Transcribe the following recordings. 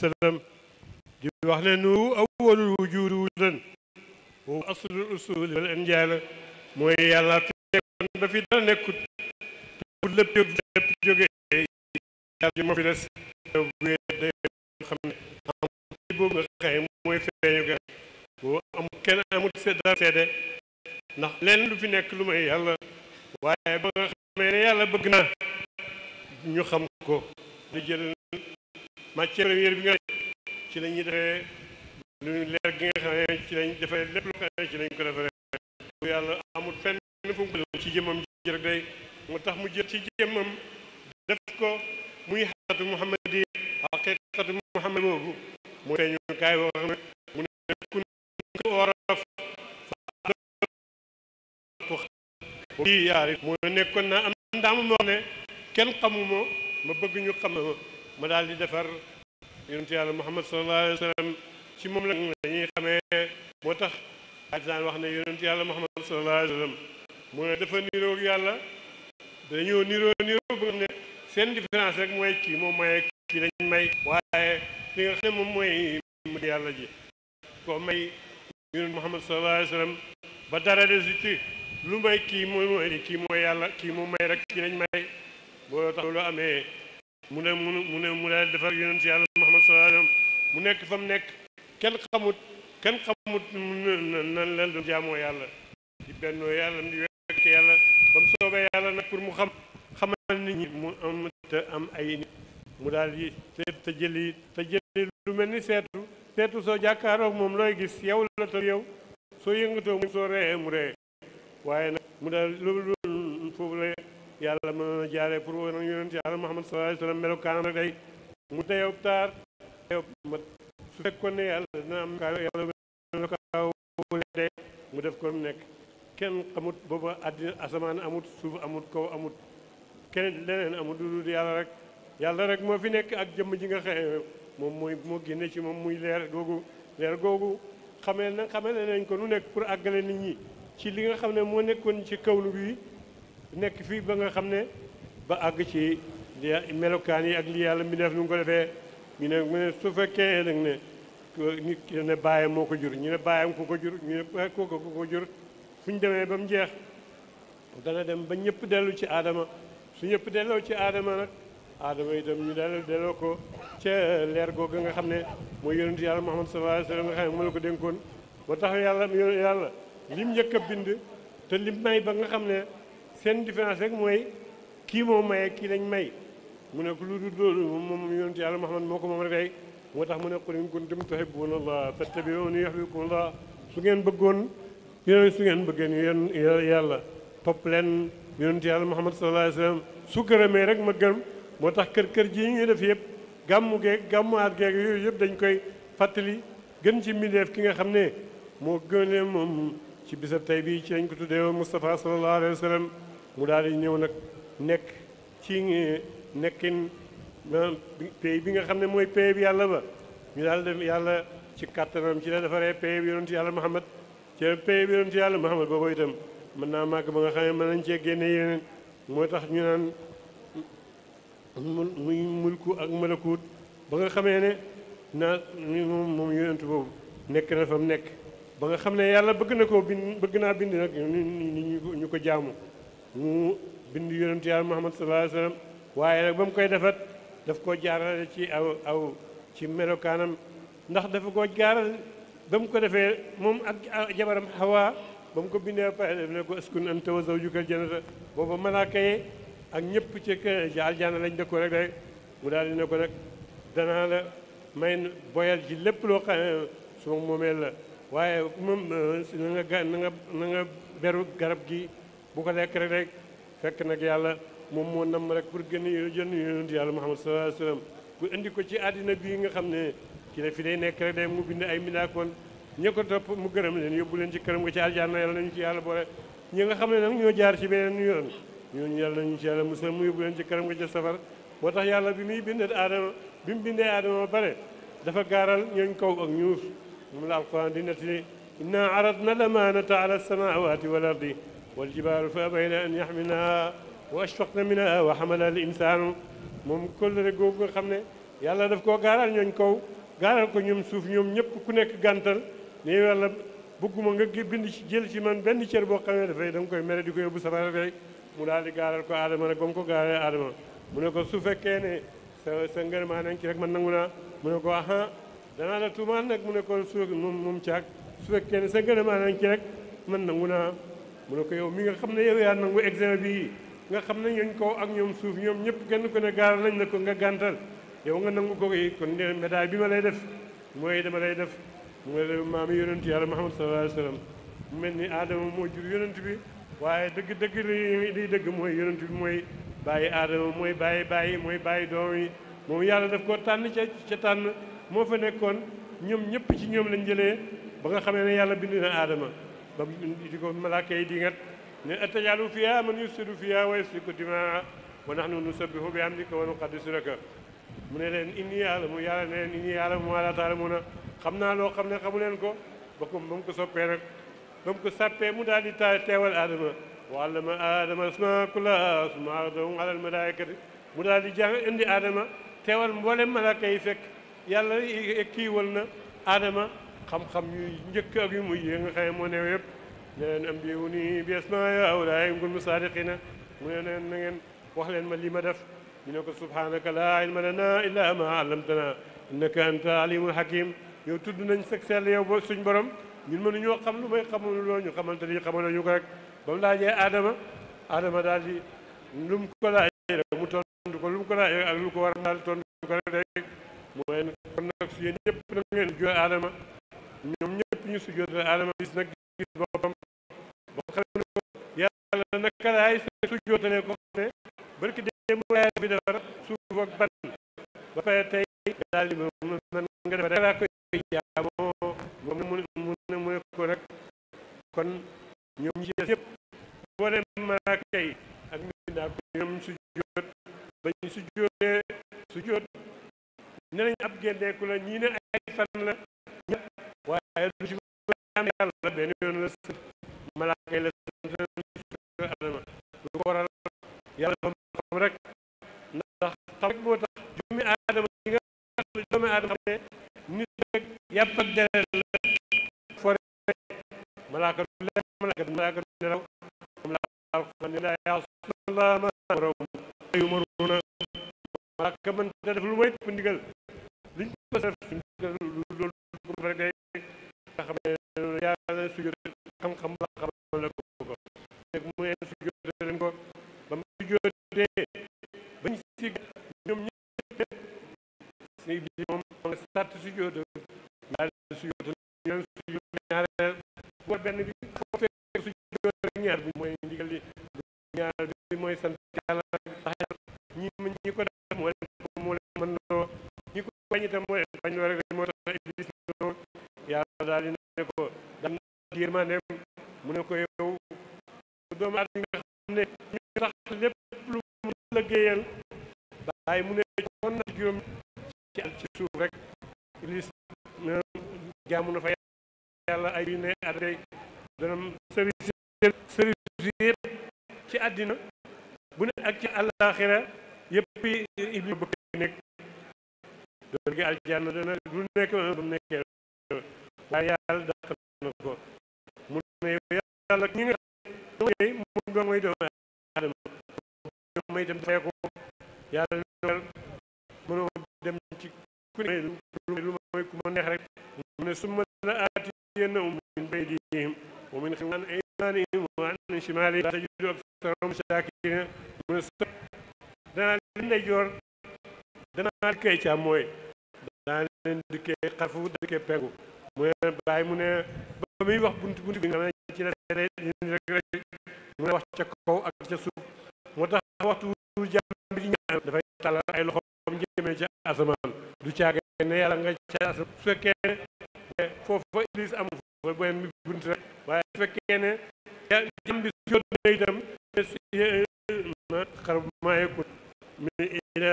sallam di wax ne nu awalul wujuudi wujudan wa aslul usuli wal yàlla tegoon ba fi dara nekkut bu yàlla ji moo bu day xam ne am am kenn amut dara seede ndax lenn lu fi nekk lu may yàlla waaye ba nga xamee ne yàlla bëgg na ñu xam ko di jël matière première bi nga ci la ñuy defee lu leer gi nga xam ne ci lañ defee lépp loo xam ne ci lañ yàlla amul fenn ci jëmmam ji rek day tax mu jël ci jëmmam def ko muy xaqatu Muhammad mu feeñu kaay boo xam ne mu ne ku ko war a fii yaari mu nekkoon naa am ndaam ma xam ne kenn xamuma ma bëgg ñu xam ma ma daal di defar yonent yàlla muhammad sallallahu alayhi wa ci moom nag dañuy xamee moo tax daan wax ne yonent yàlla muhammad sallallahu alayhi wa sallam mu ne dafa seen différence rek mooy kii moom may kii may waaye moom mooy yàlla ji ko may yonent ba dara ci lu may kii mooy kii yàlla kii moom may rek kii dañ may boo tax loolu amee mu ne mu mu ne mu daal defar yonent yàlla Muhammad sallallahu alayhi wa mu nekk fa mu nekk kenn xamut kenn xamut na la du jaamoo yàlla di bennoo yàlla di wekk yàlla ba mu soobee yàlla nag pour mu xam xamal nit ñi mu am te am ay mu daal di seet te jëli te lu mel ni seetu seetu soo jàkkaaroog moom looy gis yow la te yow soo yëngatoo mu soo ree mu ree waaye nag mu daal loolu foofu la yàlla mën na jaaree pour woon ak yonent yàlla Muhammad mu dayob taar dayob mat yàlla dina am kaaw yàlla mu def ko nekk kenn amut booba àddina asamaan amut suuf amut kaw amut keneen leneen amut du dul yàlla rek yàlla rek moo fi nekk ak jëmm ji nga xamee moom mooy moo génne ci moom muy leer googu leer googu xamee na xamee nañ ko nu nekk pour àggale nit ñi ci li nga xam ne moo nekkoon ci kawlu bi nekk fii ba nga xam ne ba àgg ci li melokaan yi ak li yàlla mi def nu ko defee ñu ne mu ne su fekkee nag ne nit ki ne bàyyam moo ko jur ñu ne bàyyam ku ko jur ñu ne kooku ku ko jur fu ñu demee ba mu jeex dana dem ba ñëpp dellu ci aadama su ñëpp delloo ci aadama nag aadama itam ñu delloo delloo ko ca leer googu nga xam ne mooy yonent yàlla Muhammad sallallahu alayhi wa sallam nga xam ne moo la ko dénkoon ba tax yàlla yàlla lim njëkk a bind te ba nga xam ne seen différence rek mooy kii moom maye kii lañ may mu ne ko lu dul loolu moom moom yonent yàlla Muhammad moo ko moom rek ay moo tax mu ne qul in kuntum tuhibbuuna Allah fattabi'uuni yuhbibkumu Allah su ngeen bëggoon yéen su ngeen bëggeen yéen yàlla topp leen yonent yàlla Muhammad sallallahu alayhi wa sallam su gërëmee rek ma gërëm moo tax kër kër jii ñuy def yëpp gàmmu geeg gàmmu aat geeg yooyu yëpp dañ koy fàttali gën ci mbindeef ki nga xam ne moo gënee moom ci bisab tey bii ci lañ ko tuddee Moustapha sallallahu alayhi wa sallam mu daal di ñëw nag nekk ci nekkin pay bi nga xam ne mooy pay bi yàlla ba ñu daal def yàlla ci kattanam ci la defaree pay bi yonent yàlla Muhammad ci pay bi yonent yàlla Muhammad boobu itam mën naa màgg ba nga xam ne mën nañ cee génne yeneen tax ñu naan muy mulku ak malakuut ba nga xamee ne naa moom moom yonent boobu nekk na fa mu nekk ba nga xam ne yàlla bëgg na koo bind bëgg naa bind nag ñu ko jaamu mu bind yonentu yàlla muhammad sallallahu alayhi waaye nag ba mu koy defat daf koo jaarale ci aw aw ci melokaanam ndax dafa koo jaaral ba mu ko defee moom ak jabaram xawa ba mu ko bindee pare def ne ko askun anta wa zawjuka aljannata booba malaaka ak ñëpp ci kër lañ dëkkoo rek rek mu daal di ne ko nag danaa la may boyal ji lépp loo xam ne suma moomeel la waaye moom na nga na nga beru garab gi bu ko lekk rek rek fekk nag yàlla moom moo nam rek pour gën a jënd yonent yàlla Muhammad sallallahu alayhi wa sallam bu indi ko ci àddina bii nga xam ne ci la fi day nekk rek day mu bind ay minaakoon ña ko topp mu gërëm leen yóbbu leen ci këram nga ci aljanna yàlla nañu ci yàlla boole ñi nga xam ne nag ñoo jaar ci beneen yoon ñooñu yàlla nañu ci yàlla musal mu yóbbu leen ci këram nga ca safar moo tax yàlla bi muy bind aadama bi mu bindee aadama ba dafa gaaral ñooñ kaw ak ñuus moom la alquran di nettali inna aradna lamanata ala samawati wal ardi والجبال فأبين أن يحملنها وأشفقن منها وحملها الإنسان moom kóllëre googu nga xam ne yàlla daf koo gaaral ñooñ kow gaaral ko ñoom suuf ñoom ñëpp ku nekk gàntal ne yàlla bëgguma nga bind ci jël ci man benn cër boo xam ne dafay da koy mere di ko yóbbu safara fay mu daal di gaaral ko aadama rek ba mu ko gaarale aadama mu ne ko su fekkee ne sa sa ngërëmaa nañ ci rek man nangu naa mu ne ko aha danaa la tuumaan nag mu ne ko su moom moom caag su fekkee ne sa ngërëmaa ci rek man nangu naa mu ne ko yow mi nga xam ne yow yaa nangu examen bii nga xam ne ñooñ kaw ak ñoom suuf ñoom ñëpp kenn ku ne gaar nañ ko nga gàntal yow nga nangu ko kon ne médaille bi ma lay def mooy dama lay def mu ne maam yonent yàlla Muhammad sallallahu alayhi mu mel ni aadama moo jur yonent bi waaye dëgg dëgg li dëgg mooy yonent mooy bàyyi aadama mooy bàyyi bàyyi mooy bàyyi doom yi moom yàlla daf ko tànn ca ca tànn moo fa nekkoon ñoom ñëpp ci ñoom lañ jëlee ba nga xamee ne yàlla bind na aadama ba di ko malaaka yi di ngat ne atajalu fiha man yufsidu fiha wa yasfiku dimaa wa nahnu nusabbihu bi hamdika wa nuqaddisu laka mu ne leen inni ya'lamu yàlla ne leen inni ya'lamu ma la ta'lamuuna xam naa loo xam ne xamu leen ko ba ko ba mu ko soppee nag ba mu ko sàppee mu daal di ta teewal aadama wa allama aadama asmaa kullahaa summa aradahum alal malaa'ikati mu daal di jàng indi aadama teewal mboolem malaaka yi fekk yàlla kii wal na aadama xam-xam yu njëkk ak yu mujj yi nga xam yëpp leen am biwu ni bi asmaaya awlaay ngul mu saadiqina mu ne leen na wax leen ma li ma def ñu ne ko subhanaka laa ilma lana illa ma allamtana innaka anta alimul hakim yow tudd nañ sag sell yow suñ borom ñun mënuñoo xam lu may xamul loo ñu xamante ni xamaloo ñu ko rek ba mu laajee Adama Adama daal di lu mu ko laajee rek mu tontu ko lu mu ko laajee ak lu ko war daal tontu ko rek mooy kon nag su na ngeen ñoom ñëpp ñu sujjóotal aadama bis nag gis boppam ba xam ne ko xam ne barki démb yaa fi defar suuf ak ba pare tey daal di ne mu ne ko nag kon ñoom ñi ci des yëpp boo dem malaaka yi ak mbindaa ko ñoom sujjóot ba ñu sujjóotee sujjóot ne nañ ab génneeku la ñii ne ay fan la nelaw moom la alxuraan ne laa yaasuuna llaaha maa amarahum wa laa yu'maruun def lu may ndigal àllaaxira yëpp ibli bëgg nekk doon gi aljanna dana lu nekk bu mu nekkee waaye yàlla dàq na ko mu ne yàlla nga xam ne moom doo mooy doomu aadama mooy ko yàlla mënoo dem ci ku ne lu mooy ma neex rek mu ne summa la aatiyannahum min baydihim wa min xilwaan aymaanihim wa an shimaali la tajidu aktharahum shaakiriin so danaa leen day joor danaa dikkee càmmooy danaa leen dikkee xarfu dikkee penku mu ne bàyyi mu ne ba muy wax buntu buntu bi nga xam ne ci rek rek mu ne wax ca kaw ak ca suuf moo tax waxtu jàmm bi ci ñaan dafay tàllal ay loxoom jëmee ca asamaan du caaga ne yàlla nga ca asamaan su fekkee ne foofa iblis am fa benn bunt rek waaye su fekkee ne jàmm bi su yónnee itam أقرب ما يكون من إلى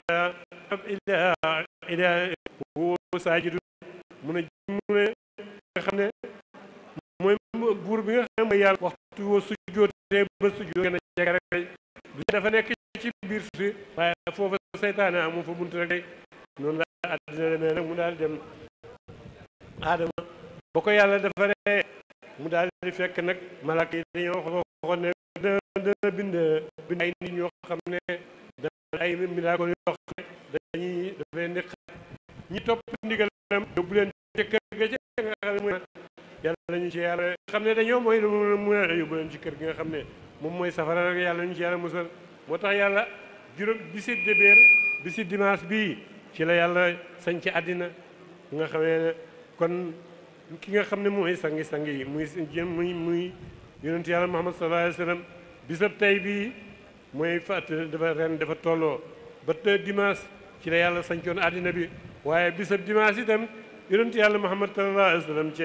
إلى إلى هو ساجد mu ne mu ne nga xam ne mooy buur bi nga xam ne yàlla waxtu woo su jootee ba su jootee gën a jege rek dafa nekk ci biir suuf si waaye foofa seytaane amu fa bunt rek noonu la àddina demee nag mu daal dem aadama ba ko yàlla dafa mu daal di fekk nag malaka yi dañoo waxoon ne dana dana bind bind ay nit ñoo xam ne dana ay miracle dañuy dafa ñi topp ndigalam yóbbu ci kër ga nga xam ne dañoo mooy mu ci kër gi nga xam ne moom mooy safara rek yàlla ñu ci yàlla musal moo tax yàlla juróom bisi débéer bisi dimanche bii ci la yàlla sañ ci àddina nga xamee kon ki nga xam ne mooy sangi sangi muy muy muy yonent yàlla Muhammad sallallahu alayhi wa sallam bisab tey bii mooy fàtt dafa ren dafa tolloo ba te dimanche ci la yàlla sancoon àddina bi waaye bisab dimanche itam yonent yàlla Muhammad sallallahu alayhi wa sallam ci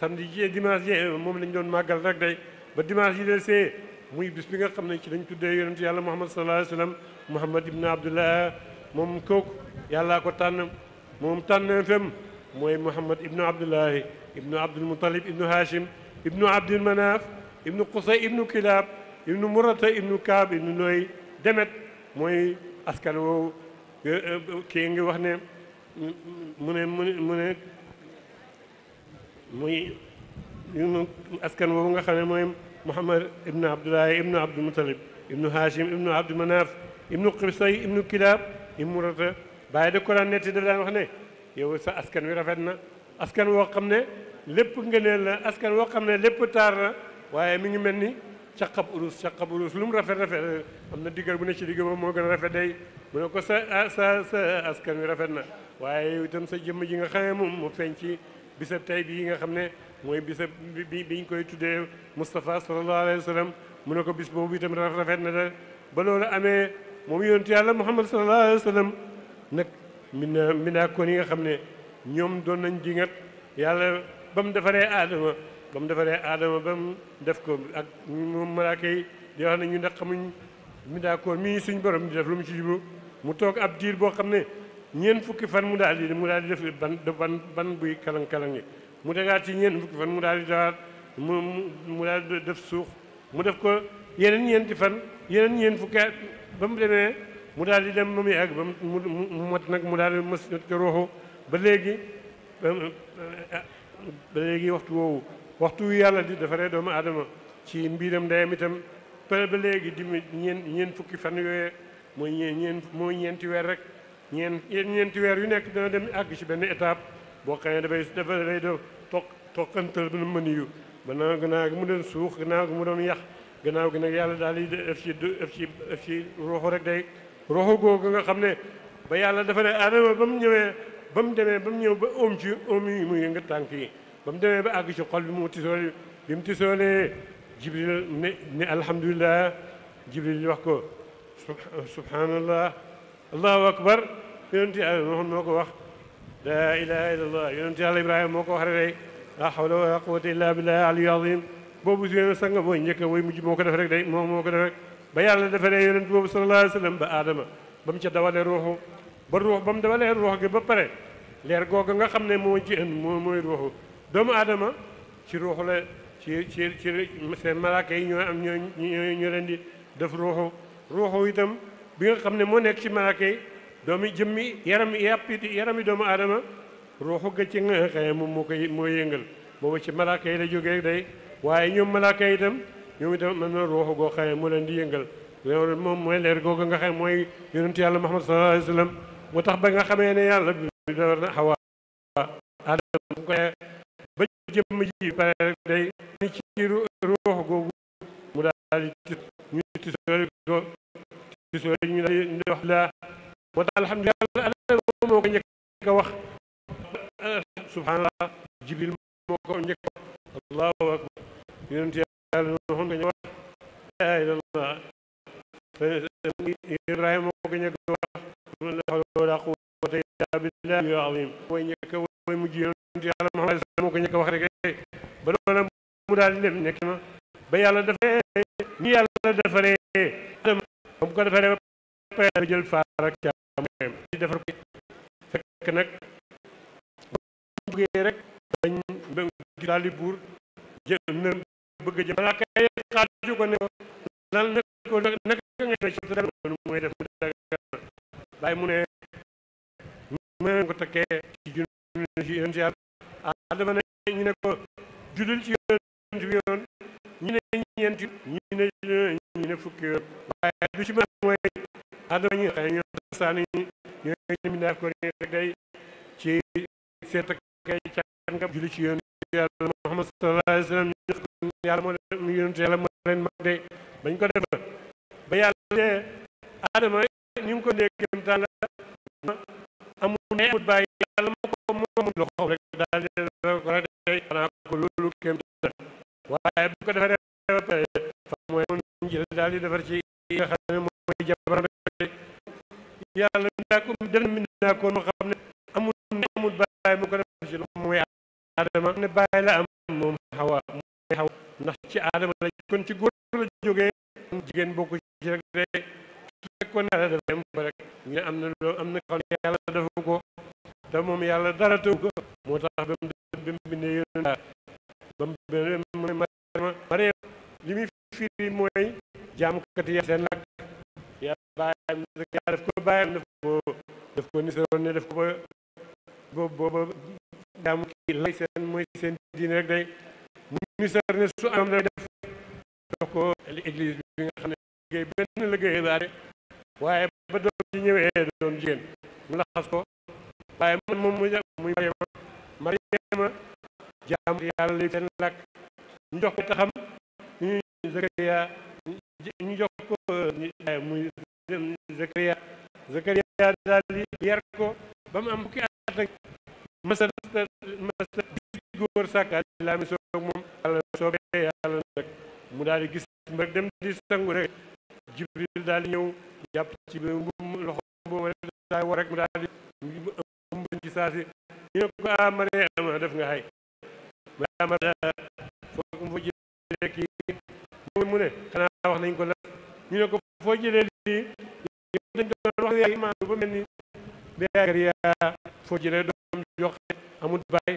samedi ji dimanche ji moom lañ doon màggal rek day ba dimanche yi de see muy bis bi nga xam ne ci lañ tuddee yonent yàlla Muhammad sallallahu alayhi wa sallam Muhammad ibn Abdullah moom kooku yàllaa ko tànn moom tànn fem mooy Muhammad ibnu Abdullahi ibnu Abdul Muttalib ibnu Hashim ibnu Abdul ibnu Qusay ibnu Kilaab ibnu Murata ibnu Kaab ibnu Looy Demet mooy askan woowu e, e, kii ngi wax ne mu ne mu ne mu ne muy askan woowu nga xam ne mooy Muhammad ibnu Abdullahi ibnu Abdul Mutalib ibnu Hashim ibnu Abdu Manaaf ibnu Qusay ibnu Kilaab ibnu Murata bàyyi da ko daan netti da daan wax ne yow sa askan wi rafet na askan woo xam ne lépp ngëneel la askan woo xam ne lépp taar la waaye mi ngi mel ni caqab urus caqab urus lu mu rafet rafet am na diggal bu ne ci digg ba moo gën a rafet day mu ne ko sa sa sa askan wi rafet na waaye itam sa jëmm ji nga xamee moom mu feeñ ci bisab tey bii nga xam ne mooy bisab bi biñ koy tuddee Moustapha sallallahu alayhi wa sallam mu ne ko bis boobu itam rafet na da ba loolu amee moom yonent yàlla Muhammad sallallahu alayhi wa sallam nag mi na mi naa koon yi nga xam ne ñoom doon nañ jingat yàlla ba mu defaree aadama ba mu defaree aadama ba mu def ko ak moom malaaka yi wax ne ñu ndax xamuñ mi daa ko mii suñ borom di def lu mu ci jublu mu toog ab diir boo xam ne ñeent fukki fan mu daal di mu daal di def ban ban ban buy kalang-kalangi mu degaat ci ñeent fukki fan mu daal di dawaat mu mu daal di def suux mu def ko yeneen ñeenti fan yeneen ñeent fukki ba mu demee mu daal di dem ba mu yàgg ba mu mot nag mu daal di mos ko ruuxu ba léegi ba léegi waxtu woowu waxtu wi yàlla di defaree doomu aadama ci mbiram ndeyam itam pare ba léegi di ñeen ñeen fukki fan yooye mooy ñeen ñeen mooy ñeenti weer rek ñeen ñeenti weer yu nekk dana dem àgg ci benn étape boo xam ne dafay dafa dafay do toq toqantal bana mën yu banaa gannaaw gi mu doon suux gannaaw gi mu doon yàq gannaaw gi nag yàlla daal di def ci def ci def ci roxu rek day roxu googu nga xam ne ba yàlla dafa ne aadama ba mu ñëwee ba mu demee ba mu ñëw ba ci oom yi mu tànk yi ba mu demee ba àgg ci bi mu tisoole bi mu tisoolee jibril ne ne alhamdulilah jibril wax ko subhanallah allahu akbar yonent yàlla ko wax laa ilaha illa allah yonent moo ko wax rek laa hawla wala quwwata illa billah aliyu boobu si yonent sanga booy njëkk booy mujj moo ko def rek day moo moo ko def rek ba yàlla defaree yonent boobu sallallahu alayhi wa sallam ba aadama ba mu ca dawalee ruuxu ba ruux ba mu dawalee ruux gi ba pare leer googa nga xam ne moo ci ën moo mooy ruuxu doomu aadama ci ruuxu la ci ci ci seen malaaka yi ñoo am ñoo ñoo leen di def ruuxu ruuxu tam bi nga xam ne moo nekk ci malaaka yi doomi jëmmi yaram yàpp yarami doomu aadama ruuxu ga ci nga moom moo koy moo yëngal boobu ci malaaka yi la jógee day waaye ñoom malaaka yi itam ñoom itam mën na ruuxu goo xëye moo leen di yëngal moom mooy leer googu nga xam mooy yonentu yàlla Muhammad sallallahu alayhi wa tax ba nga xamee ne yàlla bi dawar na xawa ba jëmm ji pare rek day ni ci ruux googu mu daal di tis ñu tisoole ko tisoole ñu ñu wax laa moo tax alhamdulilah ana moo ko njëkk a wax subhanallah jibril moo ko njëkk a wax allahu akbar yonent yàlla noonu xam nga ñu wax laa ilallah ibrahima moo ko njëkk a wax la hawla wala quwwata illa billah yo azim mooy njëkk a woy mujj yonent yàlla muhammad ko ñëkk wax rek ba loola mu daal di ba yàlla defaree ñu yàlla defaree adama ba mu ko defaree ba pare jël faar ak caamoyam di defar ko fekk nag buggee rek bañ daal di buur jël na bëgg a jël malaaka yi xaaju ko ne ko lan nag ko nag nag nga ne ci dara loolu mooy def mu dagal bàyyi mu ne mën ko takkee ci junni ci adama ne dul ci yonent bi yoon ñi ne ñeent ñi ne ñi ne fukki yoon waaye du ci mën mooy adama ñi xëy ñoo saani ñooy rek day ci seet ak kay caan nga julli ci yoon yàlla Muhammad sallallahu alayhi wa sallam ñu yàlla moo leen yonent yàlla moo leen mag de adama ni ko ndéegam taan la amul ndey amul bàyyi waaye bu ko defaree ba pare mooy mu jël daal di defar ci nga xam ne mooy jabaram yàlla ndaa ko dana mi naa ko xam ne amul amul bàyyi mu ko def ci loolu mooy aadama ne bàyyi la am moom xawa mooy xawa ndax ci aadama la kon ci góor la jógee jigéen bokk ci de su fekkoon yàlla dafa am ko rek ñu am na loolu am na xam ne yàlla dafa ko te moom yàlla dara tëw moo tax ba mu bindee yoon ba mu firi mooy jaamukat yi seen nag ya bàyyam yaa daf ko bàyyam daf ko daf ko nisaroon ne daf ko ba booba jaamu kii lay seen mooy seen diine rek day mu nisar ne su am da def jox ko église bi nga xam ne liggéey benn liggéey laare waaye ba doom ci ñëwee doon jigéen mu laxas ko waaye man moom muy Mariama Mariama jaamu yàlla li seen làkk njox ko taxam Zakariya ñu jox ko eh, muy Zakariya Zakariya daal yar ko ba mu am fukki at ak masa masa gis góor sàkka laa mi soog moom yàlla soobee yàlla nag mu daal di gis mbir dem di sangu rek Jibril daal di ñëw jàpp ci mbuum loxo boobu rek daal war rek mu daal di ëmb ci saa si ñu ne ko amare ah, ama def nga xay ma amara foog mu nañ ko la ñu ne ko foo jëlee lii yow dañ doon wax yaay maam ba mel ni Zakariya foo jëlee doom jox amul baay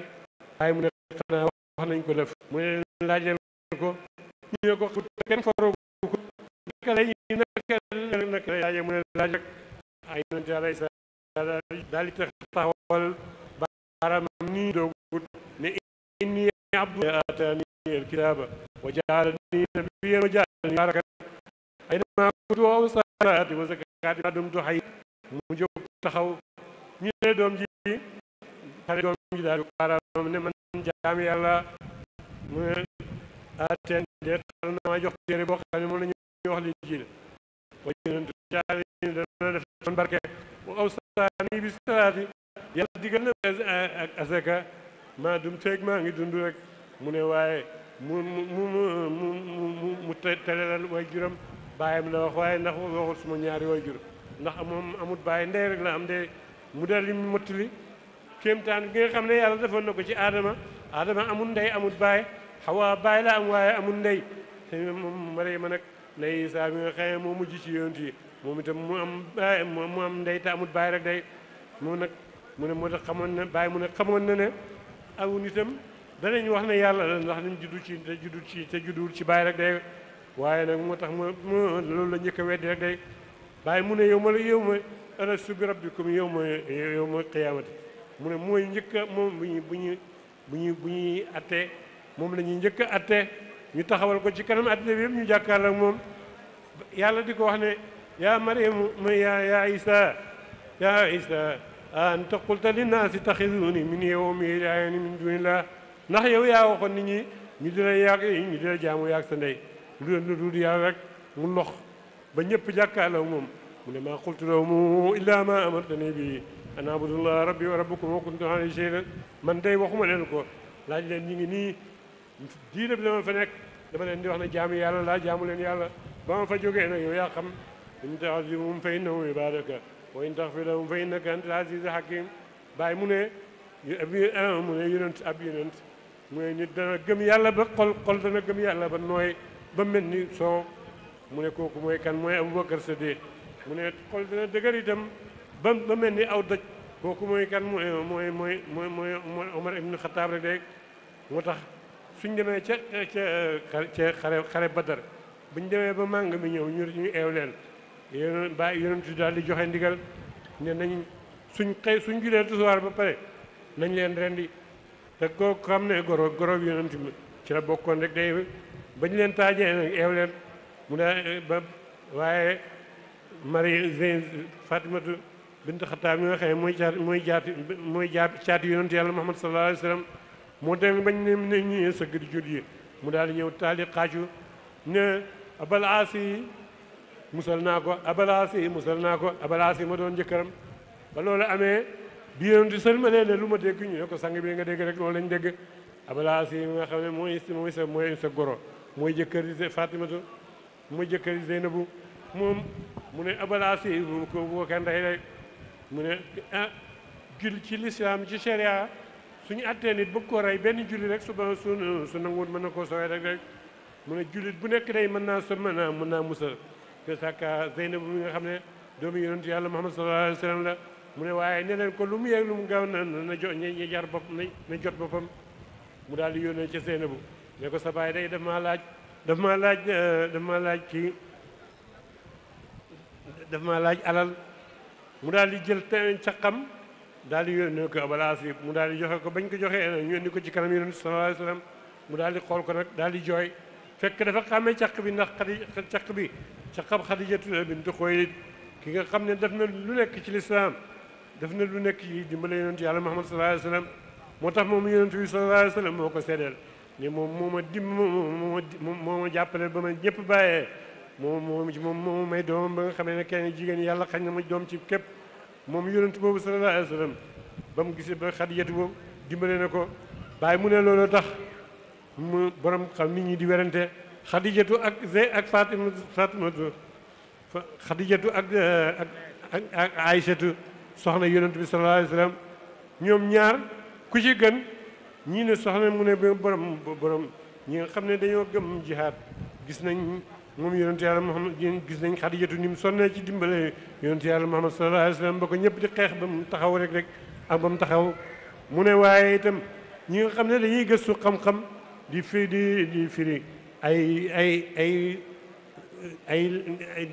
waaye mu ne xanaa wax nañ ko lëf mu ne laaj leen ko ñu ne ko kenn foroogu ko naka lay ñu naka naka lay laaje mu ne laaj rek ay yonente alayhi salaam daal di taxawal baaraamam nii doogut ne inni abdu ataani alkitaaba wa jaalani biye ma jaal baraka ay dama kutu wa salaati ma dumtu hayy mu jóg taxaw ñu ne doom ji xale doom ji ne man jaam yàlla mu ne ateen de xal na ma jox téere boo xam ne moom la ñu wax li jiil wa yonentu jaal dana def doon barke wa awsaani bi salaati yàlla digal na ak asaka maa dum teeg maa ngi dund rek mu ne waaye mu mu mu mu mu teralal way juram bàyyam la wax waaye ndax waxul suma ñaari way ndax moom amut bàyyi ndey rek la am de mu dal li mottali kéemtaan gi nga xam ne yàlla defoon na ko ci aadama aadama amul ndey amut baay xawa bàyyi la am waaye amul ndey moom Mariama nag lay Isaa moo mujj ci yonent yi moom itam mu am bàyyi mu am ndey te amut bàyyi rek day moom nag mu ne moo tax xamoon na mu ne xamoon na ne awu danañ wax ne yàlla la ndax dañ juddu ci te juddu ci te judduwul ci baay rek day waaye nag moo tax ma loolu la njëkk a weddi rek day bàyyi mu ne yow ma la yow ma alastu bi rabbikum yow ma yow ma qiyaamati mu ne mooy njëkk a moom bu ñu bu ñu bu ñu bu ñuy attee moom la ñuy njëkk a attee ñu taxawal ko ci kanam àddina bi yëpp ñu jàkkaarloo ak moom yàlla di ko wax ne yaa mariamu ya ya isa ya isa an taqulta linnaasi taxiduuni min yawmi ilaahani min dunillah ndax yow ya waxoon nit ñi ñu di la yàgg ñu di la jaamu yàgg sa ndey lu dul yàlla rek mu lox ba ñëpp jàkkaarloo moom mu ne maa qultu lahum illaa maa amartani bi an abudullah rabbi wa rabbukum wa kuntu alayhi man day waxuma leen ko laaj leen ñi ngi nii diine bi dama fa nekk dama leen di wax ne jaamu yàlla laa jaamu leen yàlla ba fa jógee na yow yaa xam in tu'azzibhum fa innahum ibaadaka wa in taghfir lahum fa innaka antal aziizul hakiim bàyyi mu ne mu ne yonent ab yonent mooy nit dana gëm yàlla ba xol xol dana gëm yàlla ba nooy ba mel ni son mu ne kooku mooy kan mooy Abubakar Sadiq mu ne xol dana dëgër itam ba ba mel ni aw doj kooku mooy kan mooy mooy mooy mooy mooy Omar ibn Xataab rek moo tax suñ demee ca ca ca xare xare Badar buñ demee ba màng mi ñëw ñu ñu eew leen ba yonent bi daal di joxe ndigal ne nañ suñ xëy suñ julee tusuwaar ba pare nañ leen rendi te kooku xam ne goro goro bi yonent bi ci la bokkoon rek day bañ leen taajee nag eew leen mu daa ba waaye mari zin fatimatu bint xataab mi nga xam muy mooy caat mooy jaati mooy jaa caati yonent yàlla muhammad sallallahu alayhi wa sallam moo dem bañ ne ne ñëwee sëgg di jur yi mu daal di ñëw taali xaacu ne abal aasi musal naa ko abal aasi musal naa ko abal aasi ma doon jëkkëram ba loolu amee bi yonent sëlma nee ne lu ma dégg ñu ne ko sang bi nga dégg rek loolu lañ dégg abala si nga xam ne mooy mooy mooy sa goro mooy jëkkër Fatimatu mooy jëkkër Zeynabu moom mu ne abala si bu ko bu ko kenn rey rek mu ne ah jul ci lislaam ci sharia suñu attee nit bëgg benn jullit rek su su su mën na koo sowee rek rek mu ne jullit bu nekk day mën naa sol mën naa mën naa musal te sàkka Zeynabu mi nga xam ne doomu yonent yàlla Muhammad sallallahu alayhi wa sallam la mu ne waaye ne ko lu mu yeeg lu mu gaaw na na ñu jar bopp na jot boppam mu daal di yónnee na Seynabu ne ko sa baay day daf maa laaj daf maa laaj eh, daf laaj kii daf maa laaj alal mu daal di jël teen caqam daal di yónnee ko Abul As mu daal di joxe ko bañ ko joxe nag ñu yónni ko ci kanam Yonent sallallahu alayhi mu daal di xool ko nag daal di jooy fekk dafa xàmmee caq bi ndax bi caq bi caqam Xadijatu bintu Xuwaylid ki nga xam ne def na lu nekk ci lislaam def na lu nekk yi dimbale yonentu yàlla Muhammad sallallahu alayhi wa sallam moo tax moom yonentu bi sallallahu alayhi wa moo ko seedeel ne moom moo ma dim moo moo ma jàppale ba ma ñëpp bàyyee moom moom moom moo may doomam ba nga xamee ne kenn jigéen yàlla xañ na ma doom ci képp moom yonentu boobu sallallahu alayhi wa ba mu gisee ba Xadijatu boobu dimbale ne ko bàyyi mu ne loolu tax mu borom xam nit ñi di werante Xadijatu ak Zey ak Fatima Fatimatu Xadijatu ak ak ak Aysatu soxna yonent bi sallallahu alayhi wasallam ñoom ñaar ku ci gën ñii ne soxna mu ne borom borom ñi nga xam ne dañoo gëm jihaad gis nañ moom yonent yàlla Muhammad gis nañ Xadijatu ni mu sonnee ci dimbale yonent yàlla Muhammad sallallahu alayhi wasallam ba ko ñëpp di xeex ba mu taxaw rek rek ak ba mu taxaw mu ne waaye itam ñi nga xam ne dañuy gëstu xam-xam di fi di di firi ay ay ay ay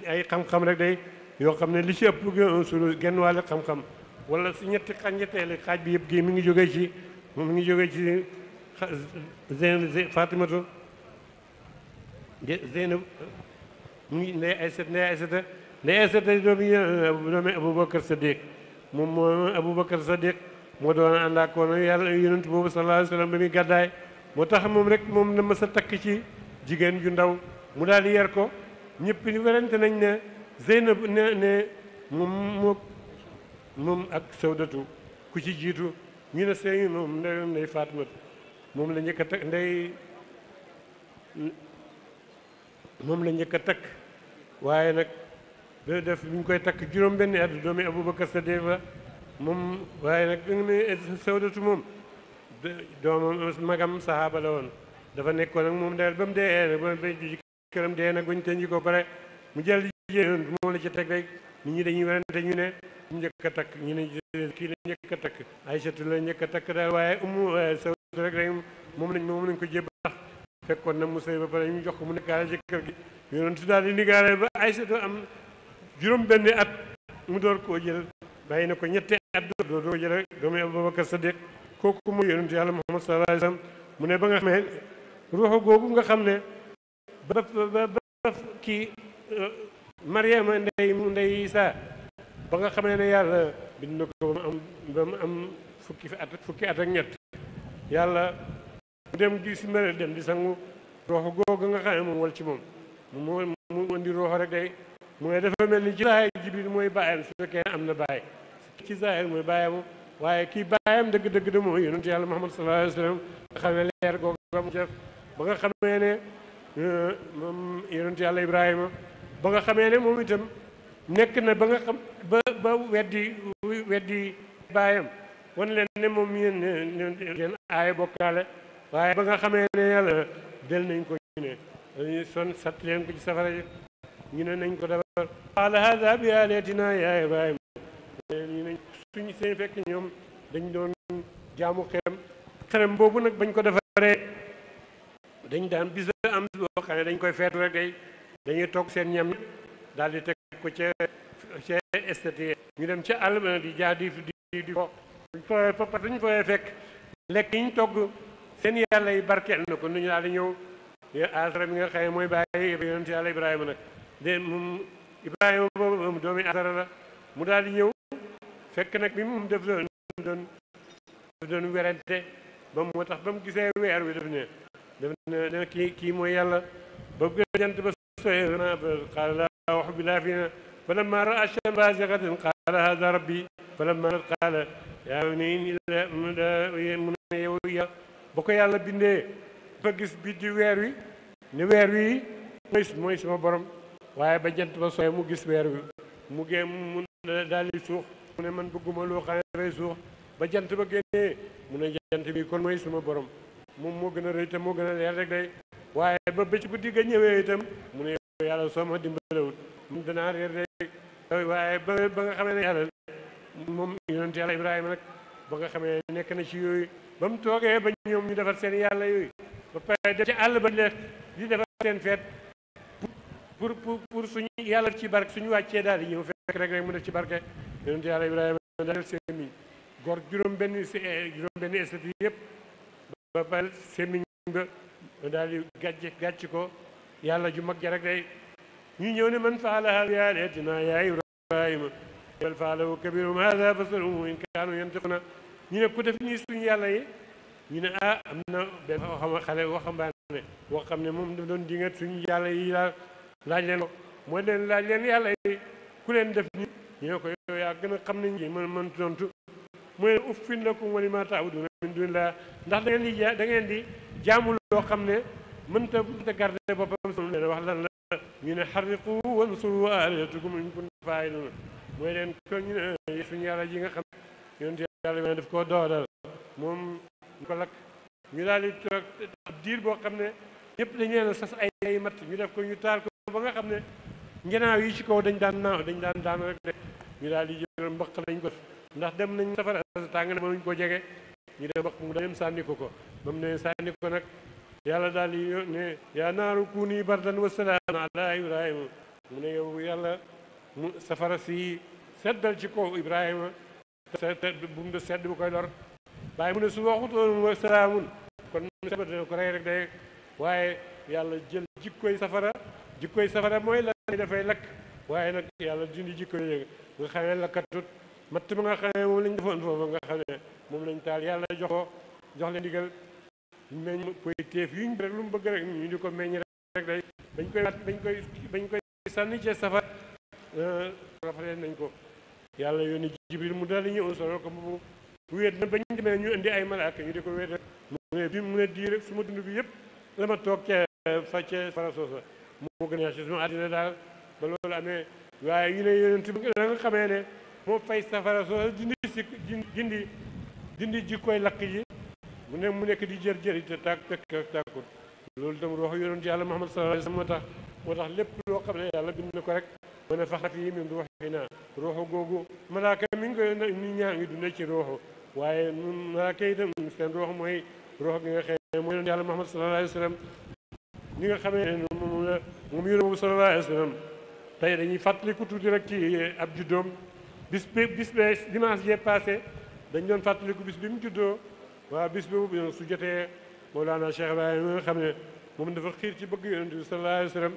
ay xam-xam rek day yoo xam ne li ci ëpp sunu genn wàll xam-xam wala si ñetti xaaj xaaj bi yëpp gi mi ngi jógee ci mi ngi jógee ci Zeyn Fatimatu Zeynab mu ngi ndey Aysata ndey Aysata ndey Aysata doomi euh, doomi Aboubacar Sadiq moom moo Aboubacar Sadiq moo doon ànd ak koon yàlla yonent boobu sallallahu alayhi wa sallam ba muy gàddaay moo tax moom rek moom na mës a takk ci jigéen ju ndaw mu daal di yar ko ñëpp ni werante nañ ne Zeynab ne ne moom moom moom ak sawdatu ku ci jiitu ñu ne seen moom ndeyam ndey Fatimatu moom la njëkk a takk ndey moom la njëkk a takk waaye nag da def bi ñu koy takk juróom benni at doomi Aboubacar Sadiq la moom waaye nag danga ne sawdatu moom doomam magam sahaaba woon dafa nekkoon ak moom daal ba mu dee nag ba ba këram dee nag bañ mu jël jigéen moom la ci teg rek nit ñu ne takk ñu ne kii la a takk Aysatu la njëkk a takk daal euh, moom lañ moom lañ ko jébbal ndax fekkoon na mu sëy ba pare ñu jox ko mu nekkaale ci kër gi yonent daal di nigaale ba Aysatu am juróom benn at mu door koo jël bàyyi na ko ñetti at doo doo jël rek doomu Abubakar Sadiq kooku mooy yonent yàlla Muhammad sallallahu sa wa sallam mu ne ba nga xamee ruuxu googu nga xam ne ba ba ba kii euh, Mariama ndey ndey Isa ba nga xamee ne yàlla bind na ko ba mu am ba mu am fukki at fukki at ak ñett yàlla mu dem di si mare dem di sangu rooxu googu nga xam ne moom wal ci moom mu mu indi rooxo rek day mu ne dafa mel ni ci zaahir jibril mooy baayam su fekkee am na baay ci zaahir mooy baayamu waaye kii baayam dëgg-dëgg de mooy yonent yàlla Muhammad sallallahu alayhi wa sallam nga xam ne leer googu ba nga xamee ne euh, yonent yàlla Ibrahima ba nga xamee ne moom itam nekk na ba nga xam ba ba weddi weddi baayam wan leen ne moom yéen leen aaye bokkaale waaye ba nga xamee ne yàlla del nañ ko ñu ne son sat leen ko ci safara ñu ne nañ ko dabar qaala haada bi aalihatinaa yaa ibrahim ñu ne suñ seen fekk ñoom dañ doon jaamu xerem xerem boobu nag bañ ko defaree dañ daan bis am boo xam ne dañ koy feetu rek day dañuy toog seen ñam daal di teg ko ca ca ñu dem ca àll ba di jaar di di di ko dañu fa fekk lekk yi ñu togg seen yàlla yi barkeel na ko nu ñu daal di ñëw asara bi nga xëye mooy bàyyi yonent yàlla ibrahima nag de moom ibrahima boobu doomi asara la mu daal di ñëw fekk nag bi moom def doon doon def werante ba moo tax ba mu gisee weer wi def ne def ne kii kii mooy yàlla ba jant ba شيخنا قال لا أحب الله فينا فلما رأى الشمس بازغة قال هذا ربي فلما قال yaa ngi nii mu ne yow ya ba ko yàlla bindee ba gis bi di weer wi ni weer borom waaye ba jant ba sooyee mu gis weer mu génn mu daal suux mu ne man bëgguma loo xam suux ba jant ba génnee mu ne jant bi kon mooy sama borom moom moo gën a rëy te moo day waaye ba bëcc guddi ga ñëwee itam mu ne yàlla soo ma dimbalewut mu dana réer de waaye ba ba nga xamee ne yàlla moom yonent yàlla Ibrahima rek ba nga xamee nekk na ci yooyu ba mu toogee ba ñoom ñu defar seen yàlla yooyu ba pare àll ba di defar seen feet pour pour pour suñu yàlla ci barke suñu wàccee daal di ñëw fekk rek def ci barke yonent yàlla Ibrahima daal semiñ gor juróom benn juróom benn ba ba semiñ ba ñu daal di gàcce gàcce ko yàlla ju mag ja rek day ñu ñëw ne man faalaha bi aalihatinaa yaa ibrahima bal faalahu kabiruhum haadha fas'alhum in kaanu yantiquna ñu ne ku def nii suñu yàlla yi ñu ne a ah, am na benn xam xale waxambaane wax xam ne moom daf doon dingat suñu yàlla yi la laaj leen ko mooy leen laaj leen yàlla yi ku leen def nii ñu ne ko yow yaa gën a xam ne ñi man man tontu mooy uffin lakum wa ndax da ngeen di da ngeen jaamu loo xam ne mënta mënta garder boppam sunu leen wax lan la ñu ne xarriqu wansuru aalihatakum in kuntum faa'iluun mooy leen ko ñu ne suñu ji nga xam ne yonent yàlla bi daf koo doodal moom ko lakk ñu daal di diir boo xam ne ñëpp dañu leen sas ay ay matt ñu def ñu taal ba nga xam ne ngenaaw yi ci kaw dañ daan naaw dañ daan daan rek ñu daal di jël mbaq lañ ko ndax dem nañ safara tàng na mënuñ ko jege ñu dem mbaq mu dem sànni ko ko ba mu ne sànni ko nag yàlla daal di ne yaa naaru kuuni bardan wa salaaman ala ibrahima mu ne yow yàlla mu safara si seddal ci kaw ibrahima bu mu sedd bu koy lor bàyyi mu ne su waxutoon wa salaamun kon dana ko rey rek day waaye yàlla jël jikkoy safara jikkoy safara mooy la dafay lakk waaye nag yàlla dindi jikko yooyu nga xam ne lakkatut matt ma nga xam ne moom lañ defoon foofu nga xam moom lañ taal yàlla jox ko jox leen digal meññ koy téef yuñ rek lu mu bëgg rek ñu di ko meññ rek day bañ koy bañ koy bañ koy sànni ci safar euh, rafetee nañ ko yàlla mu daal di ñëw solo ko mu na bañ demee ñu indi ay malaaka ko wéet mu dund bi yëpp la ma toog ca fa ca fara suma àddina daal ba loolu amee waaye yu ne yonent bi la nga xamee ne moo fay safara soosa dindi si dindi dindi jikkoy lakk yi mu ne mu nekk di jër jëri te tàkk fekk loolu itam wax yonent yàlla Muhammad sallallahu alayhi wasallam moo tax moo tax lépp loo xam ne yàlla bind na ko rek mu ne faxat yi min ruuxi naa ruuxu googu malaaka mi ngi koy ni ngi dundee ci ruuxu waaye nun malaaka yi itam seen ruux mooy ruux gi nga xam ne mooy yonent yàlla Muhammad sallallahu alayhi nga xamee ne moom la moom yonent boobu sallallahu alayhi wasallam tey dañuy fàttaliku tuuti rek ci eh, ab juddoom bis bis be dimanche yee passé dañ doon fàttaliku bis bi mu juddoo waaw bis boobu nag su jotee Mawlana Cheikh Ibrahima mi xam ne moom dafa xiir ci bëgg yonent bi sallallahu alayhi wa sallam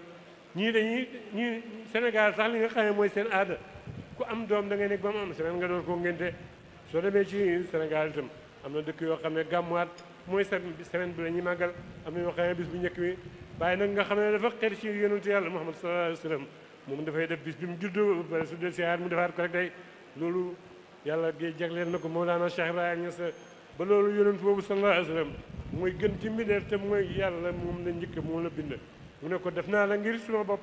ñii dañuy ñii Sénégal sax nga xam ne mooy seen aada ku am doom da ngay nekk ba mu am semaine nga door koo ngénte soo demee ci Sénégal itam am na dëkk yoo xam ne gàmmuwaat mooy semaine bi la ñuy màggal am na yoo xam bu njëkk bi waaye nag nga xam ne dafa xeer ci yonent yàlla Muhammad sallallahu alayhi moom dafay def bi mu juddoo ba pare su dee si mu defaat ko rek day loolu yàlla gi jagleel na ko Mawlana Cheikh Ibrahima Niass ba loolu yonent boobu sallallahu alayhi mooy gën ci mbindeef te mooy yàlla moom la njëkk moom la bind mu ne ko def naa la ngir suma bopp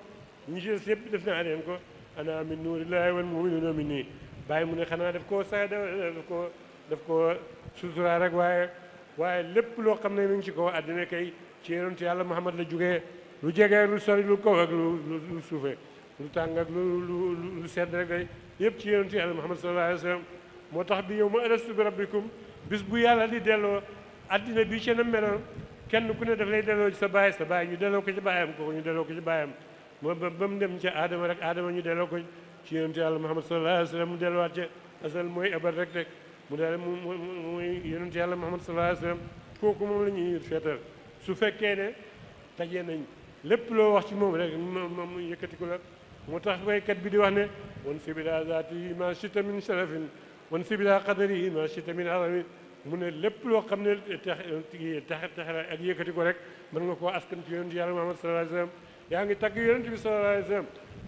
ñi yëpp def naa leen ko ana min nuurillahi wal muminuuna min nii bàyyi mu ne xanaa daf koo saay daf koo daf koo suturaa rek waaye waaye lépp loo xam ne mi ci kaw àddina kay ci yonent yàlla Muhammad la jógee lu jege lu sori lu kaw ak lu lu suufe lu tàng ak lu lu lu sedd rek day yëpp ci yonent yàlla Muhammad sallallahu alayhi wa sallam moo tax bi yow ma alastu bi rabbikum bis bu yàlla di delloo addina bi ci na meloon kenn ku ne daf lay delloo ci sa baay sa baay ñu delloo ko ci baayam kooku ñu delloo ko ci baayam moo ba ba mu dem ca aadama rek aadama ñu delloo ko ci yonent yàlla muhammad sallallahu alayhi wa sallam mu delluwaat ca asal mooy abad rek rek mu dell mu muy yonent yàlla muhammad sallallahu alayhi wa sallam kooku moom la ñuy feetal su fekkee ne tajee nañ lépp loo wax ci moom rek moom yëkkati ko la moo tax waykat bi di wax ne wan fi bi daa zaati ma shita min wansi bilaa qadari yi ma mu ne lépp loo xam ne tax tax taxera ak yëkkati ko rek mën nga koo askan ci yonent yàlla Muhammad yaa ngi tagg yonent bi sallallahu